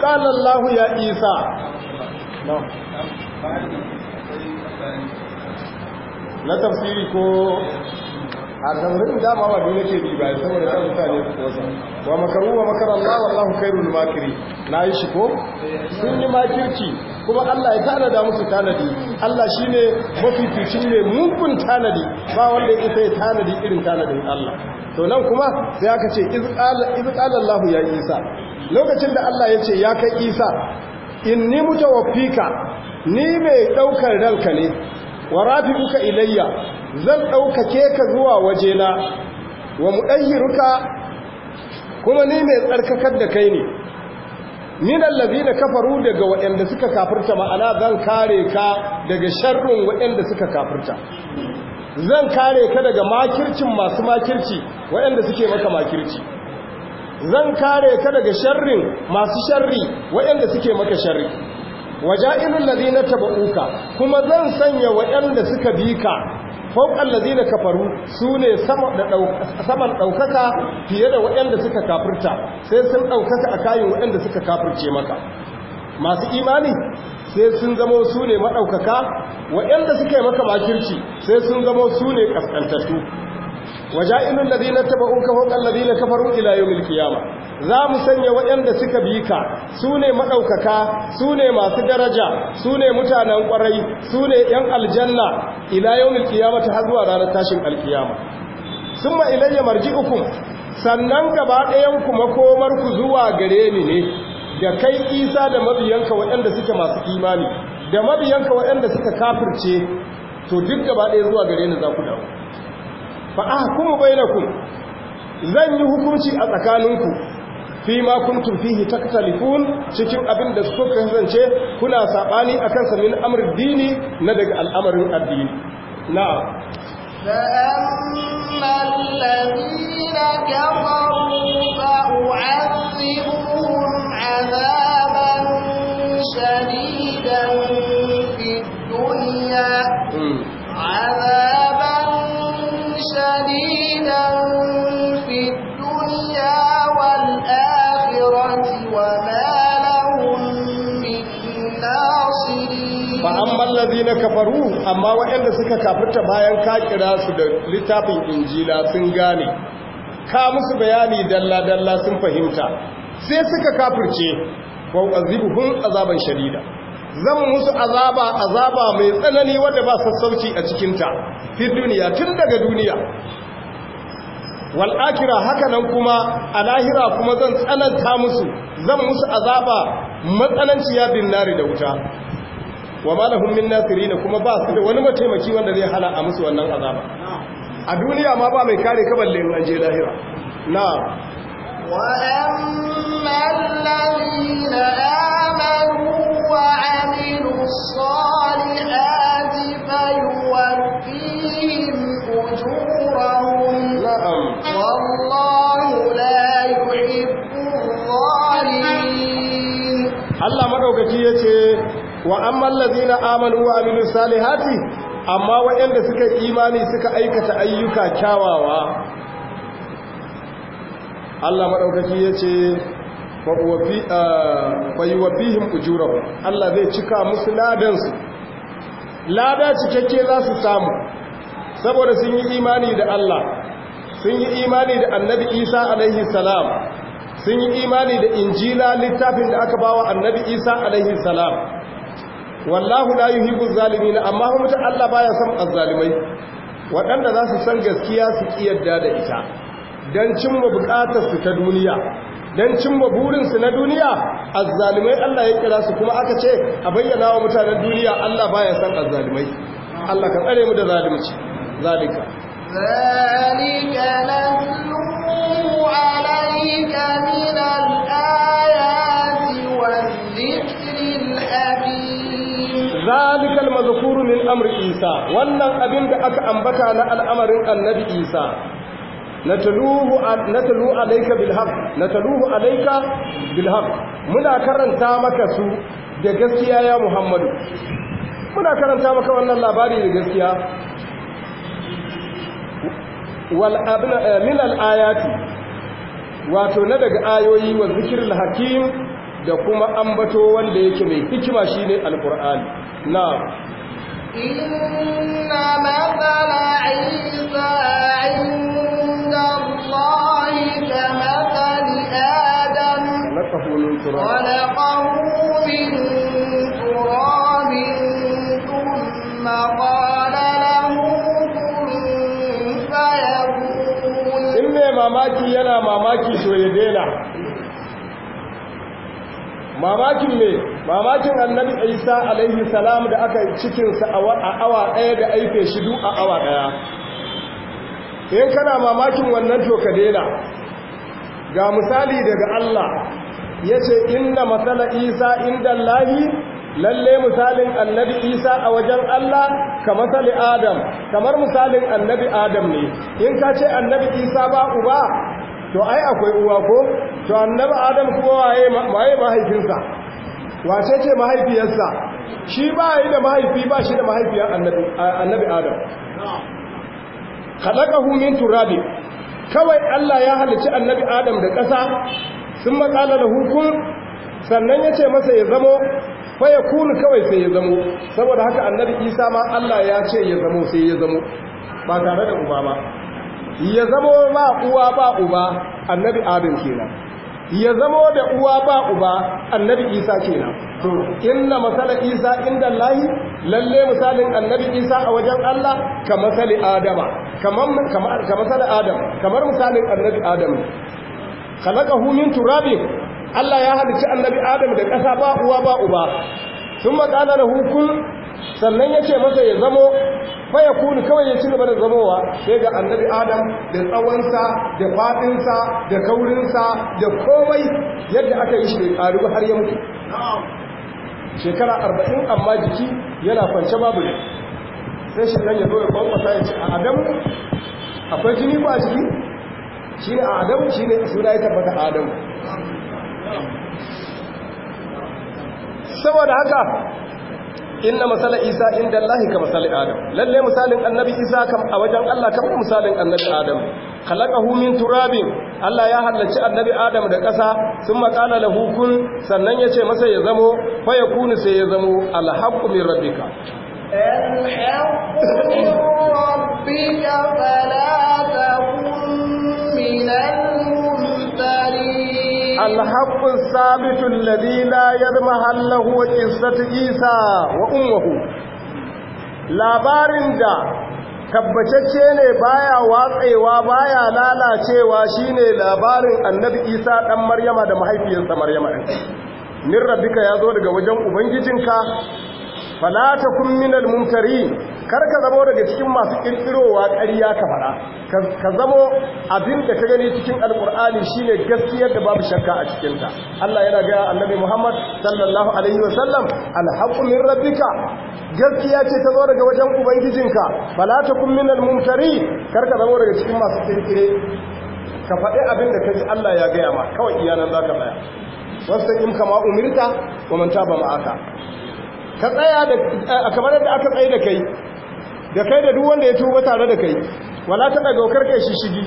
qala Allah ya Isa na tafsiri ko a tamrin dama ba dole ce bi ba saboda kan mutane su wasa wa makaru wa makara Allah wallahu khairul makiri nayi shi ko sun yi makirci kuma Allah ya tanada musu tanadi Allah shine mafificin ne mugun tanadi ba wanda ya sai tanadi irin tanadin Allah to nan kuma sai aka ce iz qala Allah ya Isa lokacin da Allah ya ce ya kai isa in ni mutawaffika ni mai ɗaukar ranka ne wa rafi'uka ilayya zan ɗaukake ka zuwa wajena wa mudayyiruka kuma ni mai tsarkakar da kai ne min allazina kafaru daga waɗanda suka kafirta ma'ana zan kare ka daga sharrin waɗanda suka kafirta zan kare ka daga makircin masu makirci waɗanda suke maka makirci zan kare ka daga sharrin masu sharri waɗanda suke maka sharri waja'ilul ladina tabu'uka kuma zan sanya waɗanda suka bi ka fawqal ladina kafaru su sama da saman daukaka fiye da waɗanda suka kafirta sai sun daukaka akayin waɗanda suka kafirce maka masu imani sai sun zamo su ne maɗaukaka waɗanda suka yi maka makirci sai sun zamo su ne ƙasƙantattu waja'ilul ladina tabauka fawqa alladina kafaru ila yawmil qiyamah za mu sanya waɗanda suka bi ka sune madaukaka sune masu daraja sune mutanen kwarai sune yan aljanna ila yawmil qiyamah har zuwa ranar tashin alqiyama summa ilayya marji'ukum sannan gaba ɗayan ku makomar ku zuwa gare ni ne da kai isa da mabiyanka waɗanda suke masu imani da mabiyanka waɗanda suka kafirce to duk gaba ɗaya zuwa gare ni za ku dawo fa na ku zan yi hukunci a tsakaninku fi ma kuntum fihi taktalifun cikin abin da suka kasance kuna saɓani akan samin amr dini na daga al'amarin addini na فأما الذين كفروا فأعذبهم شديدا في الدنيا عذابا na kafaru amma waɗanda suka kafirta bayan kakira su da littafin injila sun gane ka musu bayani dalla dalla sun fahimta sai suka kafirce wa azibuhum azaban shadida zan musu azaba azaba mai tsanani wadda ba sassauci a cikinta fi duniya tun daga duniya wal'akira haka nan kuma a lahira kuma zan tsananta musu zan musu azaba matsananciya bin nari da wuta wa ma lahum min nasirin kuma ba su da wani mataimaki wanda zai hana a musu wannan azaba a duniya ma ba mai kare ka balle in je lahira na wa amma alladhina amanu wa amilus salihati fayuwaffihim ujurahum na'am wallahu la yuhibbu Allah madaukaki yace wa amman lazina amanu wa amilu salihati amma waɗanda suka imani suka aikata ayyuka kyawawa Allah maɗaukaki ya ce fayuwafihim ah, ujurahum Allah zai cika musu ladansu lada cikakke za su samu saboda sun yi imani da Allah sun yi imani da annabi Isa alaihi salam sun yi imani da injila littafin da aka bawa annabi Isa alaihi salam wallahu la yuhibbu zalimin amma hu mutan Allah baya son azzalimai waɗanda zasu san gaskiya su kiyarda da ita dan cimma bukatar su ta duniya dan cimma burin su na duniya azzalimai Allah ya kira su kuma aka ce a bayyana wa mutanen duniya Allah baya son azzalimai Allah ka tsare mu da zalimci zalika zalika nu alayka min zalikal mazkuru min amri isa wannan abin da aka ambata na al'amarin annabi isa nataluhu natlu alayka bil haqq nataluhu alayka bil haqq muna karanta maka su da gaskiya ya muhammadu muna karanta maka wannan labari da gaskiya wal abna eh, min al ayati wato na daga ayoyi wa zikrul hakim da kuma ambato wanda yake mai hikima shine alqur'ani نعم إن مثل عيسى عند الله كمثل آدم خلقه من تراب خلقه من تراب ثم قال له كن فيكون إن ماماكي yana ماماكي so ya mamakin ne, mamakin annabi isa alaihi salam da aka cikinsa a awa ɗaya da aife shi du a awa ɗaya in kana mamakin wannan to ka daina ga misali daga Allah ya ce inna matsala isa inda lahi lalle misalin annabi isa a wajen Allah ka matsali adam kamar misalin annabi adam ne in ka ce annabi isa ba uba to ai akwai uwa ko to annabi adam kuma waye mahaifinsa wace ce mahaifiyarsa shi ba yi da mahaifi ba shi da mahaifiyar annabi adam khalaqahu min turabi kawai Allah ya halice annabi adam da ƙasa sun matsala da hukun sannan ya ce masa ya zamo ya kunu kawai sai ya zamo saboda haka annabi isa ma Allah ya ce ya zamo sai ya zamo ba tare da uba ba ya zamo ba uwa ba uba annabi adam kenan ya zamo da uwa ba uba annabi isa kenan to inna masala isa inda lahi lalle misalin annabi isa a wajen allah ka masali adama ka masali adam kamar misalin annabi adam kalaka hunin turabi allah ya halicci annabi adam da ƙasa ba uwa ba uba sun makana da hukun sannan ya ce masa ya zamo baya kuni kawai ya ci gaba da zamowa sai ga annabi adam da tsawonsa da faɗinsa da kaurinsa da komai yadda aka yi shi ƙaru har ya mutu shekara arba'in amma jiki yana kwance babu ne sai shi ya zo ya kwanfasa ya ce a adamu akwai jini ba jiki shi ne a adamu shi ne suna ya tabbata adamu saboda haka inna masala isa inda allahi ka masali adam lalle misalin annabi isa kam a wajen allah kamar misalin annabi adam khalaqahu min turabin allah ya halacci annabi adam da ƙasa sun maƙala lahu kun sannan ya ce masa ya zamo fa ya sai ya zamo alhaqqu min rabbika alhaqqu min rabbika fala الحق الثابت الذي hallahu يضمحل له Isa عيسى وأمه labarin da tabbacacce ne baya watsewa baya lalacewa shine labarin annabi isa Ɗan maryama da mahaifiyarsa maryama min rabbika ya zo daga wajen ubangijinka falata kun minal munkari kar ka zamo daga cikin masu kirkirowa ƙarya ka fara ka zamo abin da ka gani cikin alƙur'ani shine gaskiyar da babu shakka a cikinta Allah yana ga annabi Muhammad sallallahu alaihi wasallam alhaqu min rabbika gaskiya ce ta zo daga wajen ubangijinka falata kun minal munkari kar ka zamo daga cikin masu kirkire ka faɗi abin da kaji Allah ya gaya ma kawai iyanan za ka tsaya wasu in kama umirta wa manta ba ma'aka ka tsaya da kamar yadda aka tsaye da kai da kai da duk wanda ya tuba tare da kai wala ta daga kai shishigi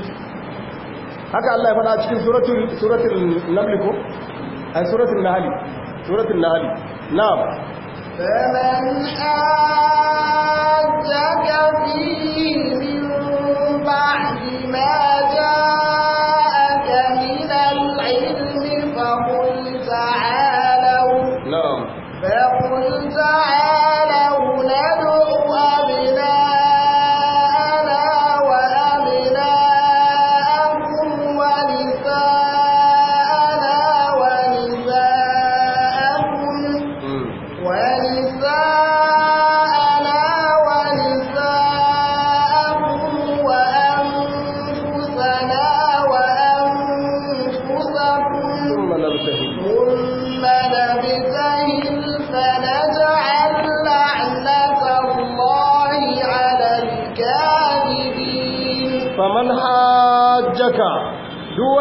haka Allah ya faɗa cikin suratul suratul naml ko ay suratul nahl suratul nahl na'am faman ajaka fi min ba'di ma jaa أنت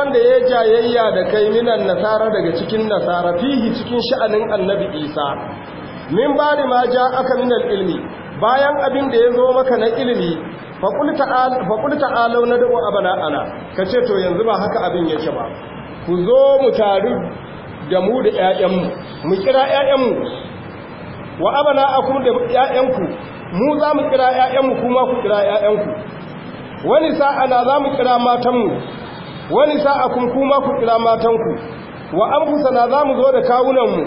wanda ya jayayya da kai minan nasara daga cikin nasara fihi cikin sha'anin annabi isa min bari ma ja aka minan ilmi bayan abin da ya zo maka na ilmi faƙul ta'alau na da'o abana ana ka ce to yanzu ba haka abin yake ba ku zo mu taru da mu da 'ya'yanmu mu kira 'ya'yanmu wa abana akum da 'ya'yanku mu za mu kira 'ya'yanmu kuma ku kira 'ya'yanku wani sa'ana za mu kira matanmu wani sa'akun kuma ku kira matanku wa na za mu zo da kawunanmu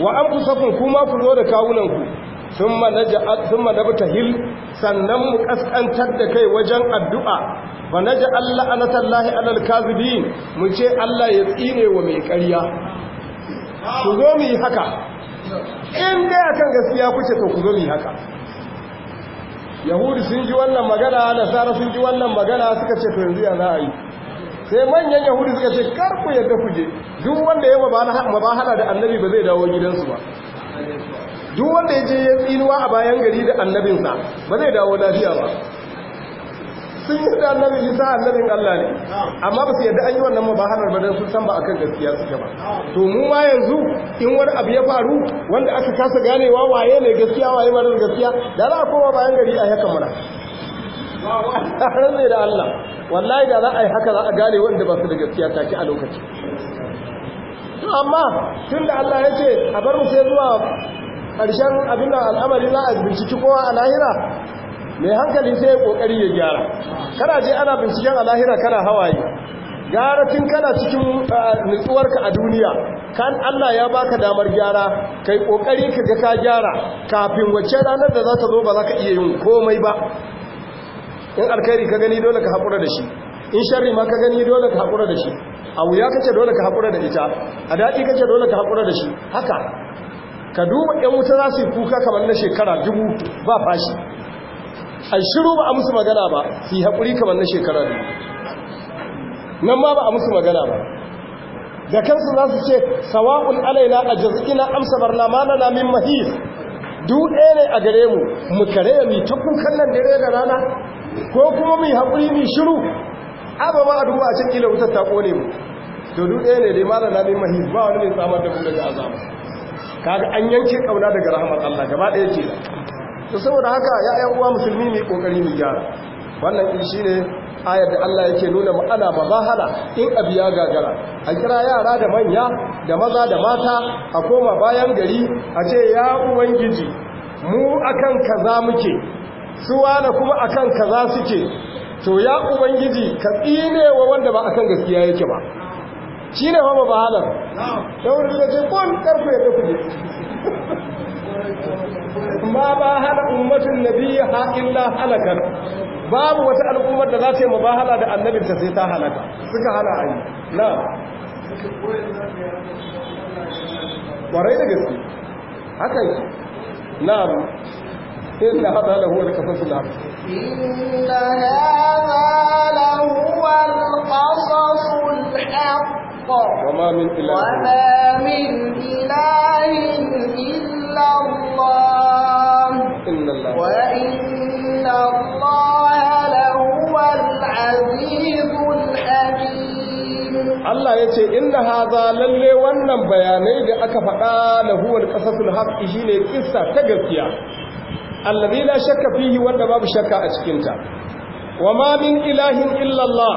wa kun kuma ku zo da kawunanku ma na bata hil sannan mu kaskantar da kai wajen addu'a a naj'al lahi 'alal kazibi mu ce Allah ya tsine wa mai ƙarya ku zo mu yi haka in dai kan gaskiya kuce to ku zo mu yi haka yahudi sun ji wannan magana nasara sun ji wannan magana suka ce to yanzu ya za a yi sai manyan yahudu suka ce kar ku yadda ku je duk wanda ya hada da annabi ba zai dawo gidansu ba duk wanda ya je ya tsinuwa a bayan gari da annabinsa ba zai dawo lafiya ba sun yi da annabi isa annabin allah ne amma ba su yadda an yi wannan mabahalar ba don sun san ba akan gaskiya suke ba to mu ma yanzu in wani abu ya faru wanda aka kasa ganewa waye ne gaskiya waye marar gaskiya da za a koma bayan gari a yakan mana ne da Allah wallahi da za a yi haka za a gane wanda ba su da gaskiya take a lokaci amma tun da Allah ya ce a bar mu sai zuwa ƙarshen abin da al'amari za a binciki kowa a lahira mai hankali sai ya ƙoƙari ya gyara kana je ana binciken a lahira kana hawaye Gara tun kana cikin nutsuwarka a duniya kan Allah ya baka damar gyara kai kokari ka ga ka gyara kafin wacce ranar da za ta zo ba za ka iya yin komai ba in alkhairi ka gani dole ka haƙura da shi in sharri ma ka gani dole ka haƙura da shi a wuya ka ce dole ka haƙura da ita a daɗi ka ce dole ka haƙura da shi haka ka duba ɗan wuta za su yi kuka kamar na shekara dubu ba fashi a shiru ba a musu magana ba su yi haƙuri kamar na shekara dubu nan ma ba a musu magana ba da kansu za su ce sawa'un alaina a jaz'ina amsa barna ma na min mahis duk ɗaya ne a gare mu mu kare mu ta kukan nan dare da rana ko kuma mai haƙuri mai shiru ba a duk a can ƙila wutar ta ƙone mu to duk ɗaya ne dai mara namin mahi ba wani ne samar da kuma daga azama kaga an yanke ƙauna daga rahamar allah gaba ɗaya ke to saboda haka ya'yan uwa musulmi mai ƙoƙari mai gyara wannan shi ne ayar da allah yake nuna ma'ana ba za hala in abu ya gagara a kira yara da manya da maza da mata a koma bayan gari a ce ya ubangiji mu akan kaza muke su wane kuma za kaza suke to ya ubangiji ka tsinewa wa wanda ba a kan gaskiya yake ba shi ne fama ba halar don da ce kwan karfe ya tafi ma ba hana ummatin nabiya haƙilla halakar babu wata al'ummar da za ta yi ma ba hala da annabinta sai ta halaka suka hana a yi na ƙwarai da gaske Haka yi. na إن هذا لهو القصص العظيم إن هذا لهو القصص الحق وما من إله وما من إله إلا الله إن الله وإن الله لهو العزيز الحكيم الله يتي إن هذا للي ونم بياني لأكفقا لهو القصص الحق إجيني قصة تقفيا allazi la shakka fihi wanda babu shakka a cikin ta wa ma min ilahin illa Allah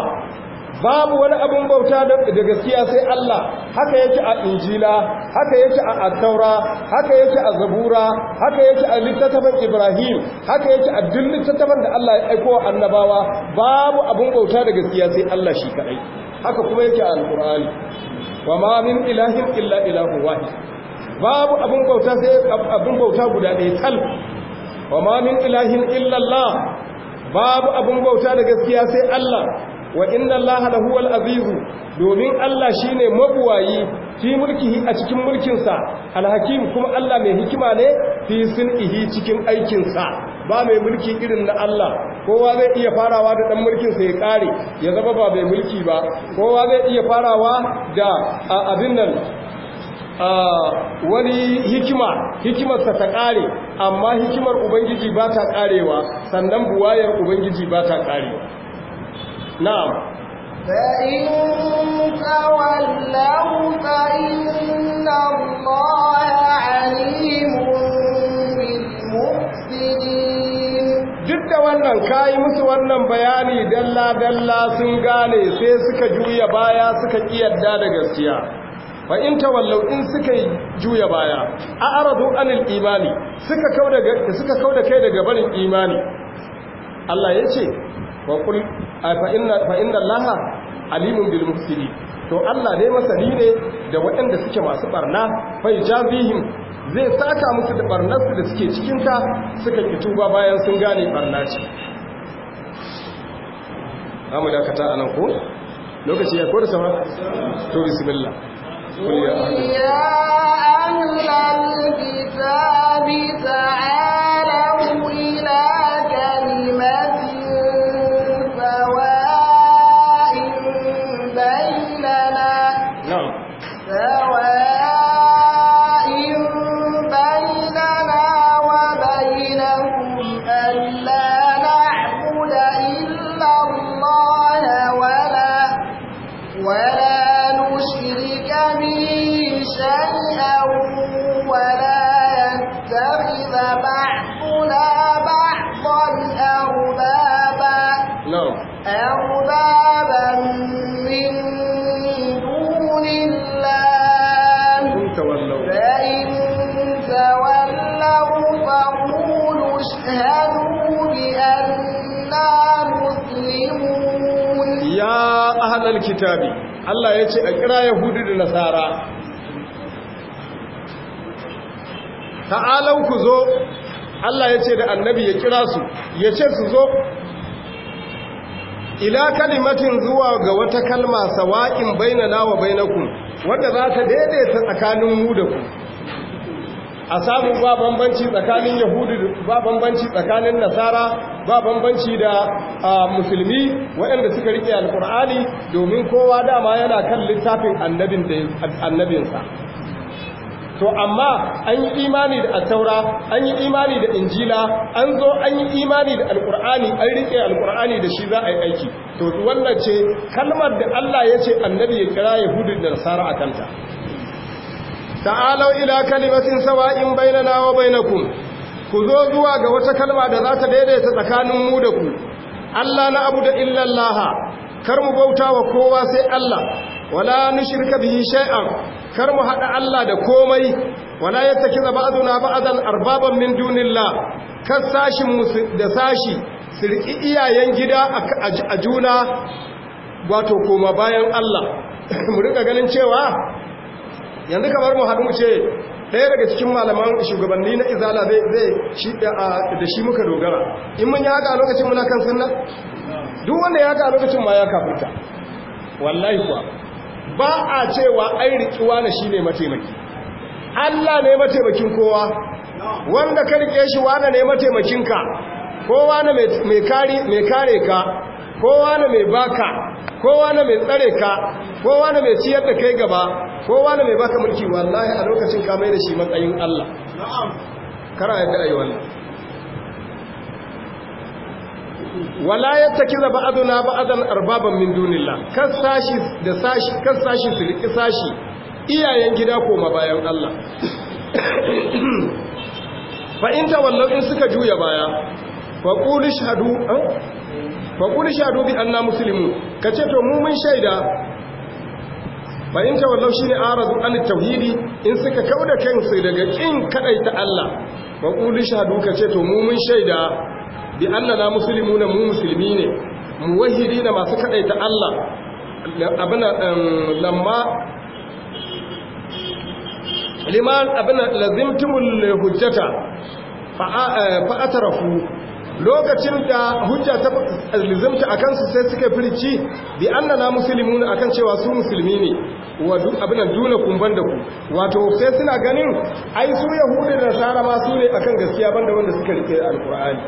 babu wani abun bauta da gaskiya sai Allah haka yake a injila haka yake a attaura haka yake a zabura haka yake a littattafan ibrahim haka yake a duk littattafan da Allah ya aiko wa annabawa babu abun bauta da gaskiya sai Allah shi kadai haka kuma yake a alqur'ani wa ma min ilahin illa ilahu wahid babu abun bauta sai abun bauta guda ɗaya tal wa ma ilahin illallah babu abin bauta da gaskiya sai Allah wa inna allaha lahu al-azizu domin Allah shine mabuwayi fi mulkihi a cikin mulkinsa al-hakim kuma Allah mai hikima ne fi sunihi cikin aikin sa. ba mai mulki irin na Allah kowa zai iya farawa da dan mulkin sa ya kare ya zama ba mai mulki ba kowa zai iya farawa da abin nan wani hikima hikimarsa ta ƙare amma hikimar ubangiji ba ta ƙarewa sannan buwayar ubangiji ba ta karewa na'am fa'in fa'in na da wannan kayi musu wannan bayani dalla-dalla sun gane sai suka juya baya suka kiyarda da gaskiya fa in tawallau in suka juya baya a aradu anil imani suka kauda suka kauda kai daga barin imani Allah yace wa qul fa inna fa inna Allah alimun bil mufsidin to Allah ne masani ne da waɗanda suke masu barna fai jabihim zai saka musu da barnarsu da suke ka suka kitu ba bayan sun gane barna ce amma da nan ko lokaci ya kodisa sama? to bismillah قل يا أهل الكتاب Allah ya ce a kira yahudu da nasara ta'alau ku zo Allah ya ce da annabi ya kira su ya ce su zo ila kalimatin zuwa ga wata kalma sawa'in na wa ku. wanda za ta daidaita tsakanin mu da ku a samu ba bambanci tsakanin yahudu ba bambanci tsakanin nasara ba bambanci da musulmi waɗanda suka riƙe alkur'ani domin kowa dama yana kan littafin annabinsa to amma an yi imani da attaura an yi imani da injila an zo an yi imani da alkur'ani an rike alkur'ani da shi za a yi aiki to wannan ce kalmar da Allah ya ce annabi ya kira yahudu da nasara a kanta ta'alau ila kalimatin sawa'in bainana wa bainakum ku zo zuwa ga wata kalma da za ta daidaita tsakanin mu da ku Allah na abu da illallah kar mu bauta wa kowa sai Allah wala nushrika bihi shay'an kar mu hada Allah da komai wala yattakiza ba'duna ba'dan arbaban min dunillah kar sashi da sashi sirki iyayen gida a juna wato koma bayan Allah mu rika ganin cewa yanzu kamar mu hadu mu ce ɗaya daga cikin malaman shugabanni na izala zai da shi muka dogara in mun yi haka a lokacin muna kan sunna duk wanda ya ka lokacin ma ya kafirta wallahi kuwa ba a cewa ai rikiwa na shine mataimaki Allah ne mataimakin kowa wanda ka rike shi wanda ne mataimakin ka kowa na mai kare mai kare ka kowa na mai baka kowa na mai tsare ka kowa na mai ciyar da kai gaba kowa na mai baka mulki wallahi a lokacin ka mai da shi matsayin Allah na'am kana yadda ayi wannan wala yattakiza ba'duna ba'dan arbaban min dunillah kan sashi da sashi kan sashi su riki sashi iyayen gida koma bayan Allah fa in tawallaw in suka juya baya fa qulu shahadu eh? fa qulu shahadu bi anna muslimun kace to mu mun shaida fa in shi shine aradu an tauhidi in suka kauda kansu daga kin kadaita Allah fa qulu shahadu kace to mu mun shaida bi annana muslimuna mu musulmi ne muwahhidina masu kadaita Allah abuna um, lamma liman abuna lazimtumul hujjata fa eh, atarafu lokacin da hujja ta lazimta akan su sai suka firici bi annana muslimuna akan cewa su musulmi ne wa duk abin da duna kumban da ku wato sai suna ganin ai su yahudi da Sarama ma su ne akan gaskiya banda wanda suka rike alqur'ani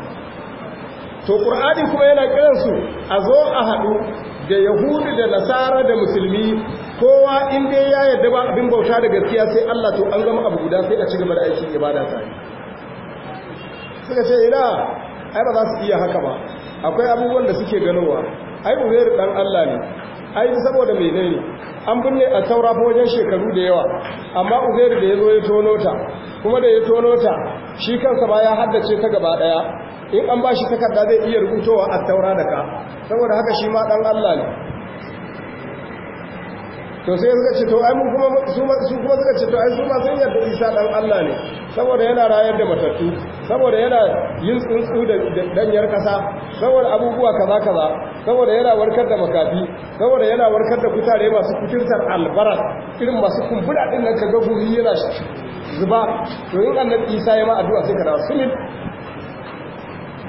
to ƙur'ani kuma yana kiransu a zo a haɗu da yahudu da nasara da musulmi kowa in dai ya yarda ba abin bauta da gaskiya sai Allah to an gama abu guda sai a ci gaba da aikin ibada yi suka ce ina ai ba za su iya haka ba akwai abubuwan da suke ganowa ai uwayar dan Allah ne ai saboda ne, an binne a taura fa wajen shekaru da yawa amma uwayar da ya zo ya tono ta kuma da ya tono ta shi kansa ba ya haddace ta gaba daya in an ba shi takarda zai iya rubutowa a taura da ka saboda haka shi ma ɗan Allah ne to sai suka ce to ai mun kuma su kuma suka ce to ai su ma sun yarda isa ɗan Allah ne saboda yana rayar da matattu saboda yana yin tsuntsu da danyar ƙasa saboda abubuwa kaza kaza saboda yana warkar da makafi saboda yana warkar da kutare masu kutirtar albaras irin masu kumbura ɗin nan kaga guri yana zuba to yin annabi isa ya ma addu'a sai ka dawo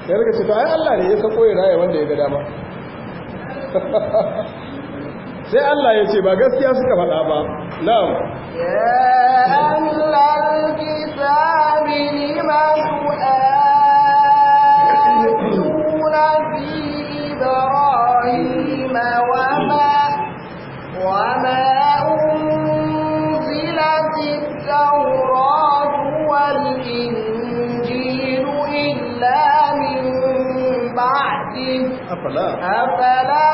ya rika ce ai Allah ne ya sako ya raya wanda ya ga dama sai Allah ya ce ba gaskiya suka faɗa ba na'am ya ahlal kitabi lima tu'aduna ya أفلا أفلا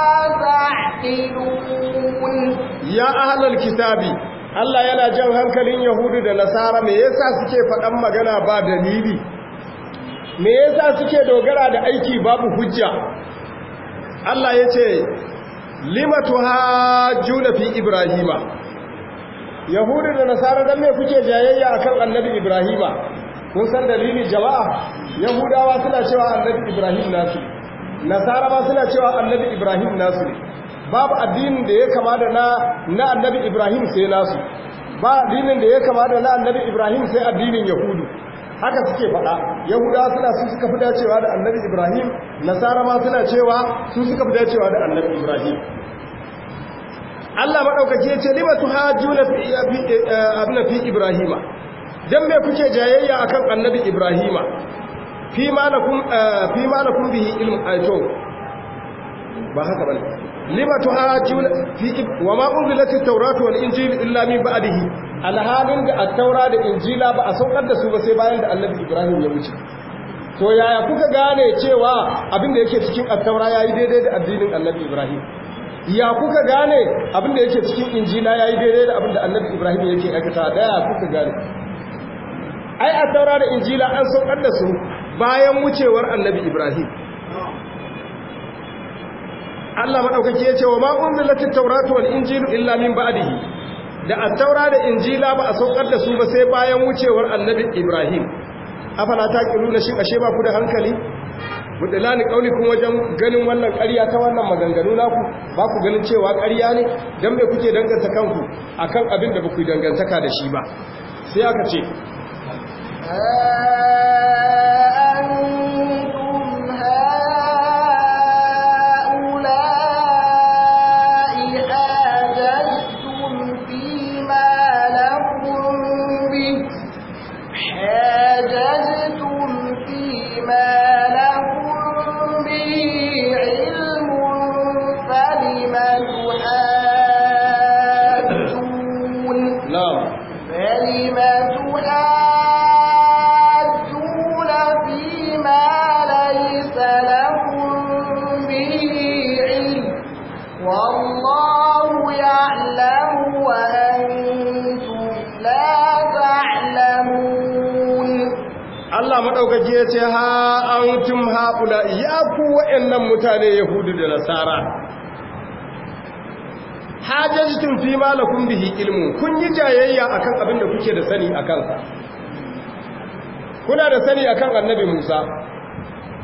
Allah yana jan hankalin Yahudu da Nasara me yasa suke faɗan magana ba dalili me yasa suke dogara da aiki babu hujja Allah ya ce limatu hajjuna fi Ibrahima Yahudu da Nasara dan me kuke jayayya akan Annabi Ibrahima kun san dalili jama'a yahudawa suna cewa annabi ibrahim nasu nasara ba suna cewa annabi ibrahim nasu babu addinin da ya kama da na annabi ibrahim sai nasu ba addinin da ya kama da na annabi ibrahim sai addinin yahudu haka suke faɗa yahudawa suna su suka fi dacewa da annabi ibrahim nasara ma suna cewa su suka fi dacewa da annabi ibrahim Allah maɗaukaki ya ce lima tu hajjuna fi eh, abna fi ibrahima dan me kuke jayayya akan annabi ibrahima fi malakum eh, fi malakum bihi ilm ayto eh, ba haka bane lima tuhajjuna fi wa ma unzilat at-tauratu wal injil illa min ba'dihi alhalin da at-taura da injila ba a saukar da su ba sai bayan da annabi ibrahim ya wuce to yaya kuka gane cewa abin da yake cikin at-taura yayi daidai da addinin annabi ibrahim ya kuka gane abin da yake cikin injila yayi daidai da abin da annabi ibrahim yake aikata da ya kuka gane ai a taura da injila an saukar da su bayan wucewar annabi ibrahim Allah maɗaukaki ya ce wa ma'un zilatin tauratu wal injilu illa min da a taura da injila ba a saukar da su ba sai bayan wucewar annabi ibrahim afala ta ƙilu na shi ashe ba ku da hankali mudalani kuma wajen ganin wannan ƙarya ta wannan maganganu ku ba ku ganin cewa ƙarya ne don me kuke danganta kanku akan abin da ba ku dangantaka da shi ba sai aka ce ہے ya ce ha an tum haƙula ya ku waɗannan mutane yahudu da nasara tun fi malakun bihi ilmu kun yi jayayya a kan abin da kuke da sani a kan kuna da sani a kan annabi musa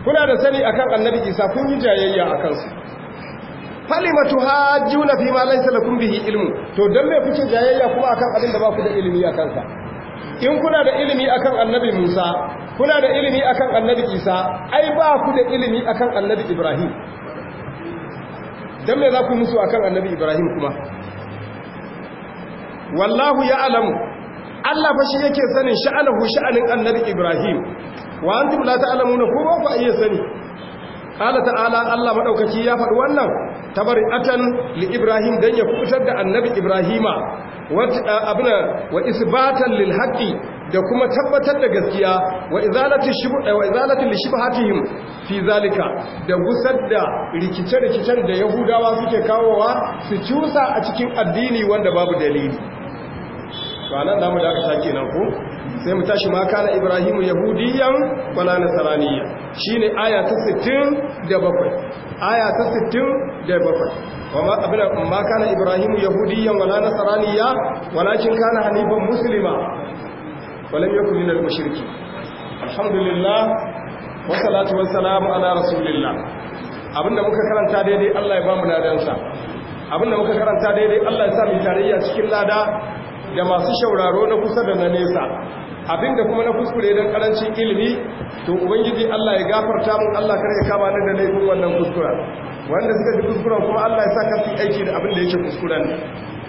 kuna da sani a kan annabi isa kun yi jayayya a kansu falimatu na fi ma da kun bihi ilmu to don me kuke jayayya kuma a kan abin da ba ku da ilimi a kansa? in kuna da ilimi a kan annabi Musa kuna da ilimi akan annabi isa ai ba ku da ilimi akan annabi ibrahim dan me za ku musu akan annabi ibrahim kuma wallahu ya alamu allah fa shi yake sanin sha'anahu sha'anin annabi ibrahim wa antum la ta'lamuna ko ba ku iya sani qala ta'ala allah madaukaki ya faɗi wannan tabaratan li ibrahim dan ya fitar da annabi ibrahima wa abna wa isbatan lil haqqi da kuma tabbatar da gaskiya wa izalatin eh, lishibhatihim fi zalika da gusar da rikice-rikicen da yahudawa suke kawowa su cusa a cikin addini wanda babu dalili kwanan damu da aka sake nan ko sai mu tashi maka na ibrahimu yahudiyan wala nasaraniya shine aya ta 67 aya ta 67 bakwai. أبنى ما كان ibrahimu yahudiyan wala نصرانيا walakin kana حنيفا muslima walam yakun minal mushriki alhamdulillah wa salatu wa salam ala rasulillah da muka karanta daidai Allah ya bamu ladansa. Abin abinda muka karanta daidai Allah ya sa mu tarayya cikin lada da masu shauraro na kusa da na nesa abinda kuma na kuskure don karancin ilimi to ubangiji Allah ya gafarta mun Allah kar ya kama ni da laifin wannan kuskura wanda suka ji kuskura kuma Allah ya sa ka aiki da abin da yake kuskuren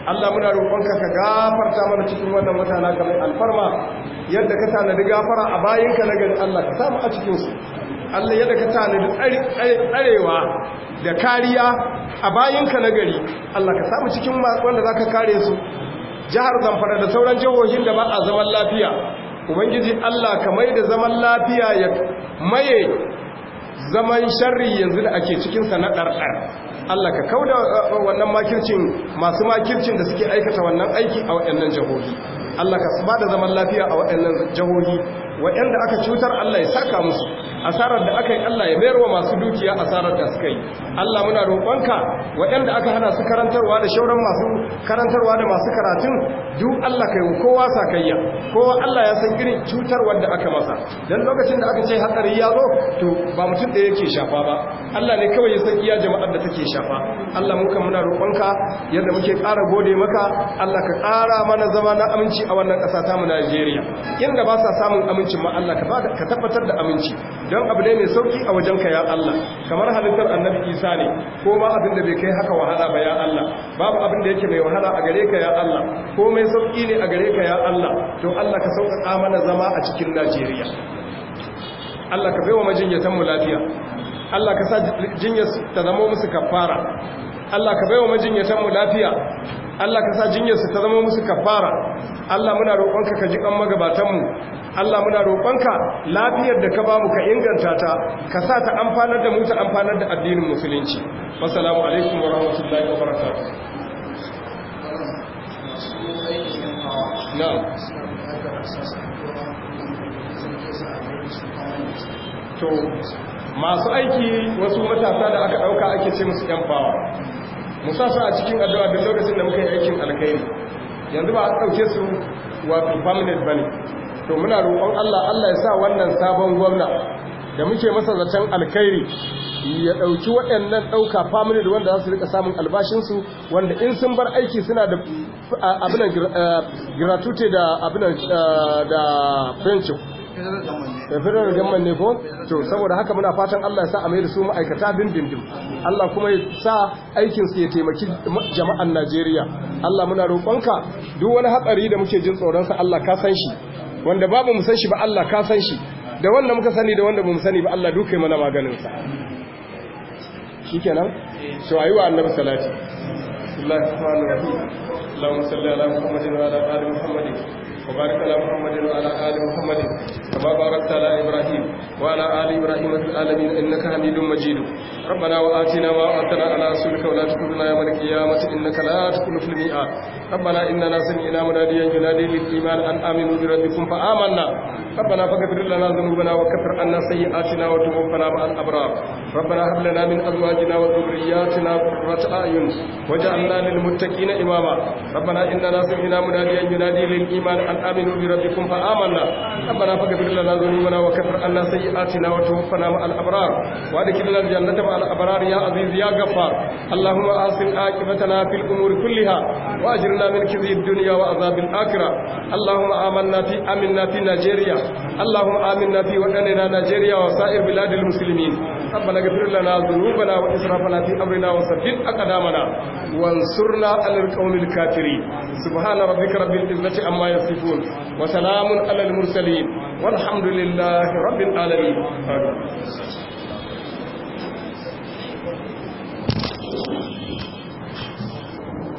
Allah muna roƙonka ka gafarta mana cikin wannan mutana ga mai alfarma yadda ka tanadi gafara a bayinka na gari Allah ka samu a cikinsu Allah yadda ka tanadi tsarewa da kariya a bayinka na gari Allah ka samu cikin wanda za ka kare su jihar zamfara da sauran jihohin da ba a zaman lafiya ubangiji Allah ka mai da zaman lafiya ya maye zaman sharri yanzu da ake cikin na ɗarɗar Allah ka kauda uh, uh, wannan makircin masu makircin da suke aikata wannan aiki a waɗannan jahohi Allah ka ba da zaman lafiya a waɗannan jahohi waɗanda aka cutar Allah ya saka musu asarar da aka yi Allah ya mayarwa wa masu dukiya asarar da suka yi Allah muna roƙonka waɗanda aka hana su karantarwa da shauran masu karantarwa da masu karatun duk Allah kai kowa sakayya kowa Allah ya san irin cutar wanda aka masa dan lokacin da aka ce hatsari ya zo to ba mutum da yake shafa ba Allah ne kawai ya san iya jama'ar da take shafa Allah muka muna roƙonka yadda muke ƙara gode maka Allah ka ƙara mana zama na aminci a wannan ƙasa ta Najeriya inda ba sa samun amincin ma Allah ka tabbatar da aminci don abu dai mai sauki a wajen ka ya Allah kamar halittar annabi Isa ne ko ma abin da bai kai haka wahala ba ya Allah babu abin da yake mai wahala a gare ka ya Allah ko mai sauki ne a gare ka ya Allah to Allah ka sauƙaƙa mana zama a cikin Najeriya Allah ka wa majinyatanmu lafiya Allah ka sa jinyar ta zama musu kafara Allah ka baiwa majinyatan mu lafiya Allah ka sa su ta zama musu kafara Allah muna roƙonka ka ji kan magabatan mu Allah muna roƙonka lafiyar da ka ba mu ka inganta ta ka sa ta amfanar da mu ta amfanar da addinin musulunci assalamu alaikum wa rahmatullahi wa barakatuh to masu aiki wasu matasa da aka dauka ake ce musu yan bawa musa su a cikin addu'a duk lokacin da muka yi aikin alkhairi yanzu ba a ɗauke su wato permanent ba ne to muna roƙon allah allah ya sa wannan sabon gwamna da muke masa zaton alkhairi ya ɗauki waɗannan ɗauka permanent wanda za su rika samun albashinsu wanda in sun bar aiki suna da abinan gratute eh, da abinan eh, da pension Eh, federal government ne ko to saboda haka muna fatan Allah ya sa a mai da su ma'aikata dindindin Allah kuma ya sa aikin su ya taimaki jama'an Najeriya Allah muna roƙonka duk wani hatsari da muke jin tsoron sa Allah ka san shi wanda babu mu san shi ba Allah ka san shi da wanda muka sani da wanda bamu sani ba Allah duka mana maganin sa shikenan to ayi wa annabi salati وبارك على محمد وعلى آل محمد كما باركت على إبراهيم وعلى آل إبراهيم في العالمين إنك حميد مجيد ربنا وآتنا ما وعدتنا على رسولك ولا تكلنا يوم القيامة إنك لا تكلف الميعاد ربنا إننا سمعنا مناديا ينادي للإيمان أن آمنوا بربكم فآمنا ربنا فاغفر لنا ذنوبنا وكفر عنا سيئاتنا وتوفنا مع الأبرار ربنا هب لنا من أزواجنا وذرياتنا قرة أعين واجعلنا للمتقين إماما ربنا إننا سمعنا مناديا ينادي للإيمان an aminu bi rabbikum ya aziz ya ghafar allahumma asil aqibatana fil umur kulliha wa ajirna min kizid dunya wa azab al akhirah allahumma amanna fi aminna fi يصفون وسلام على المرسلين والحمد لله رب العالمين آمين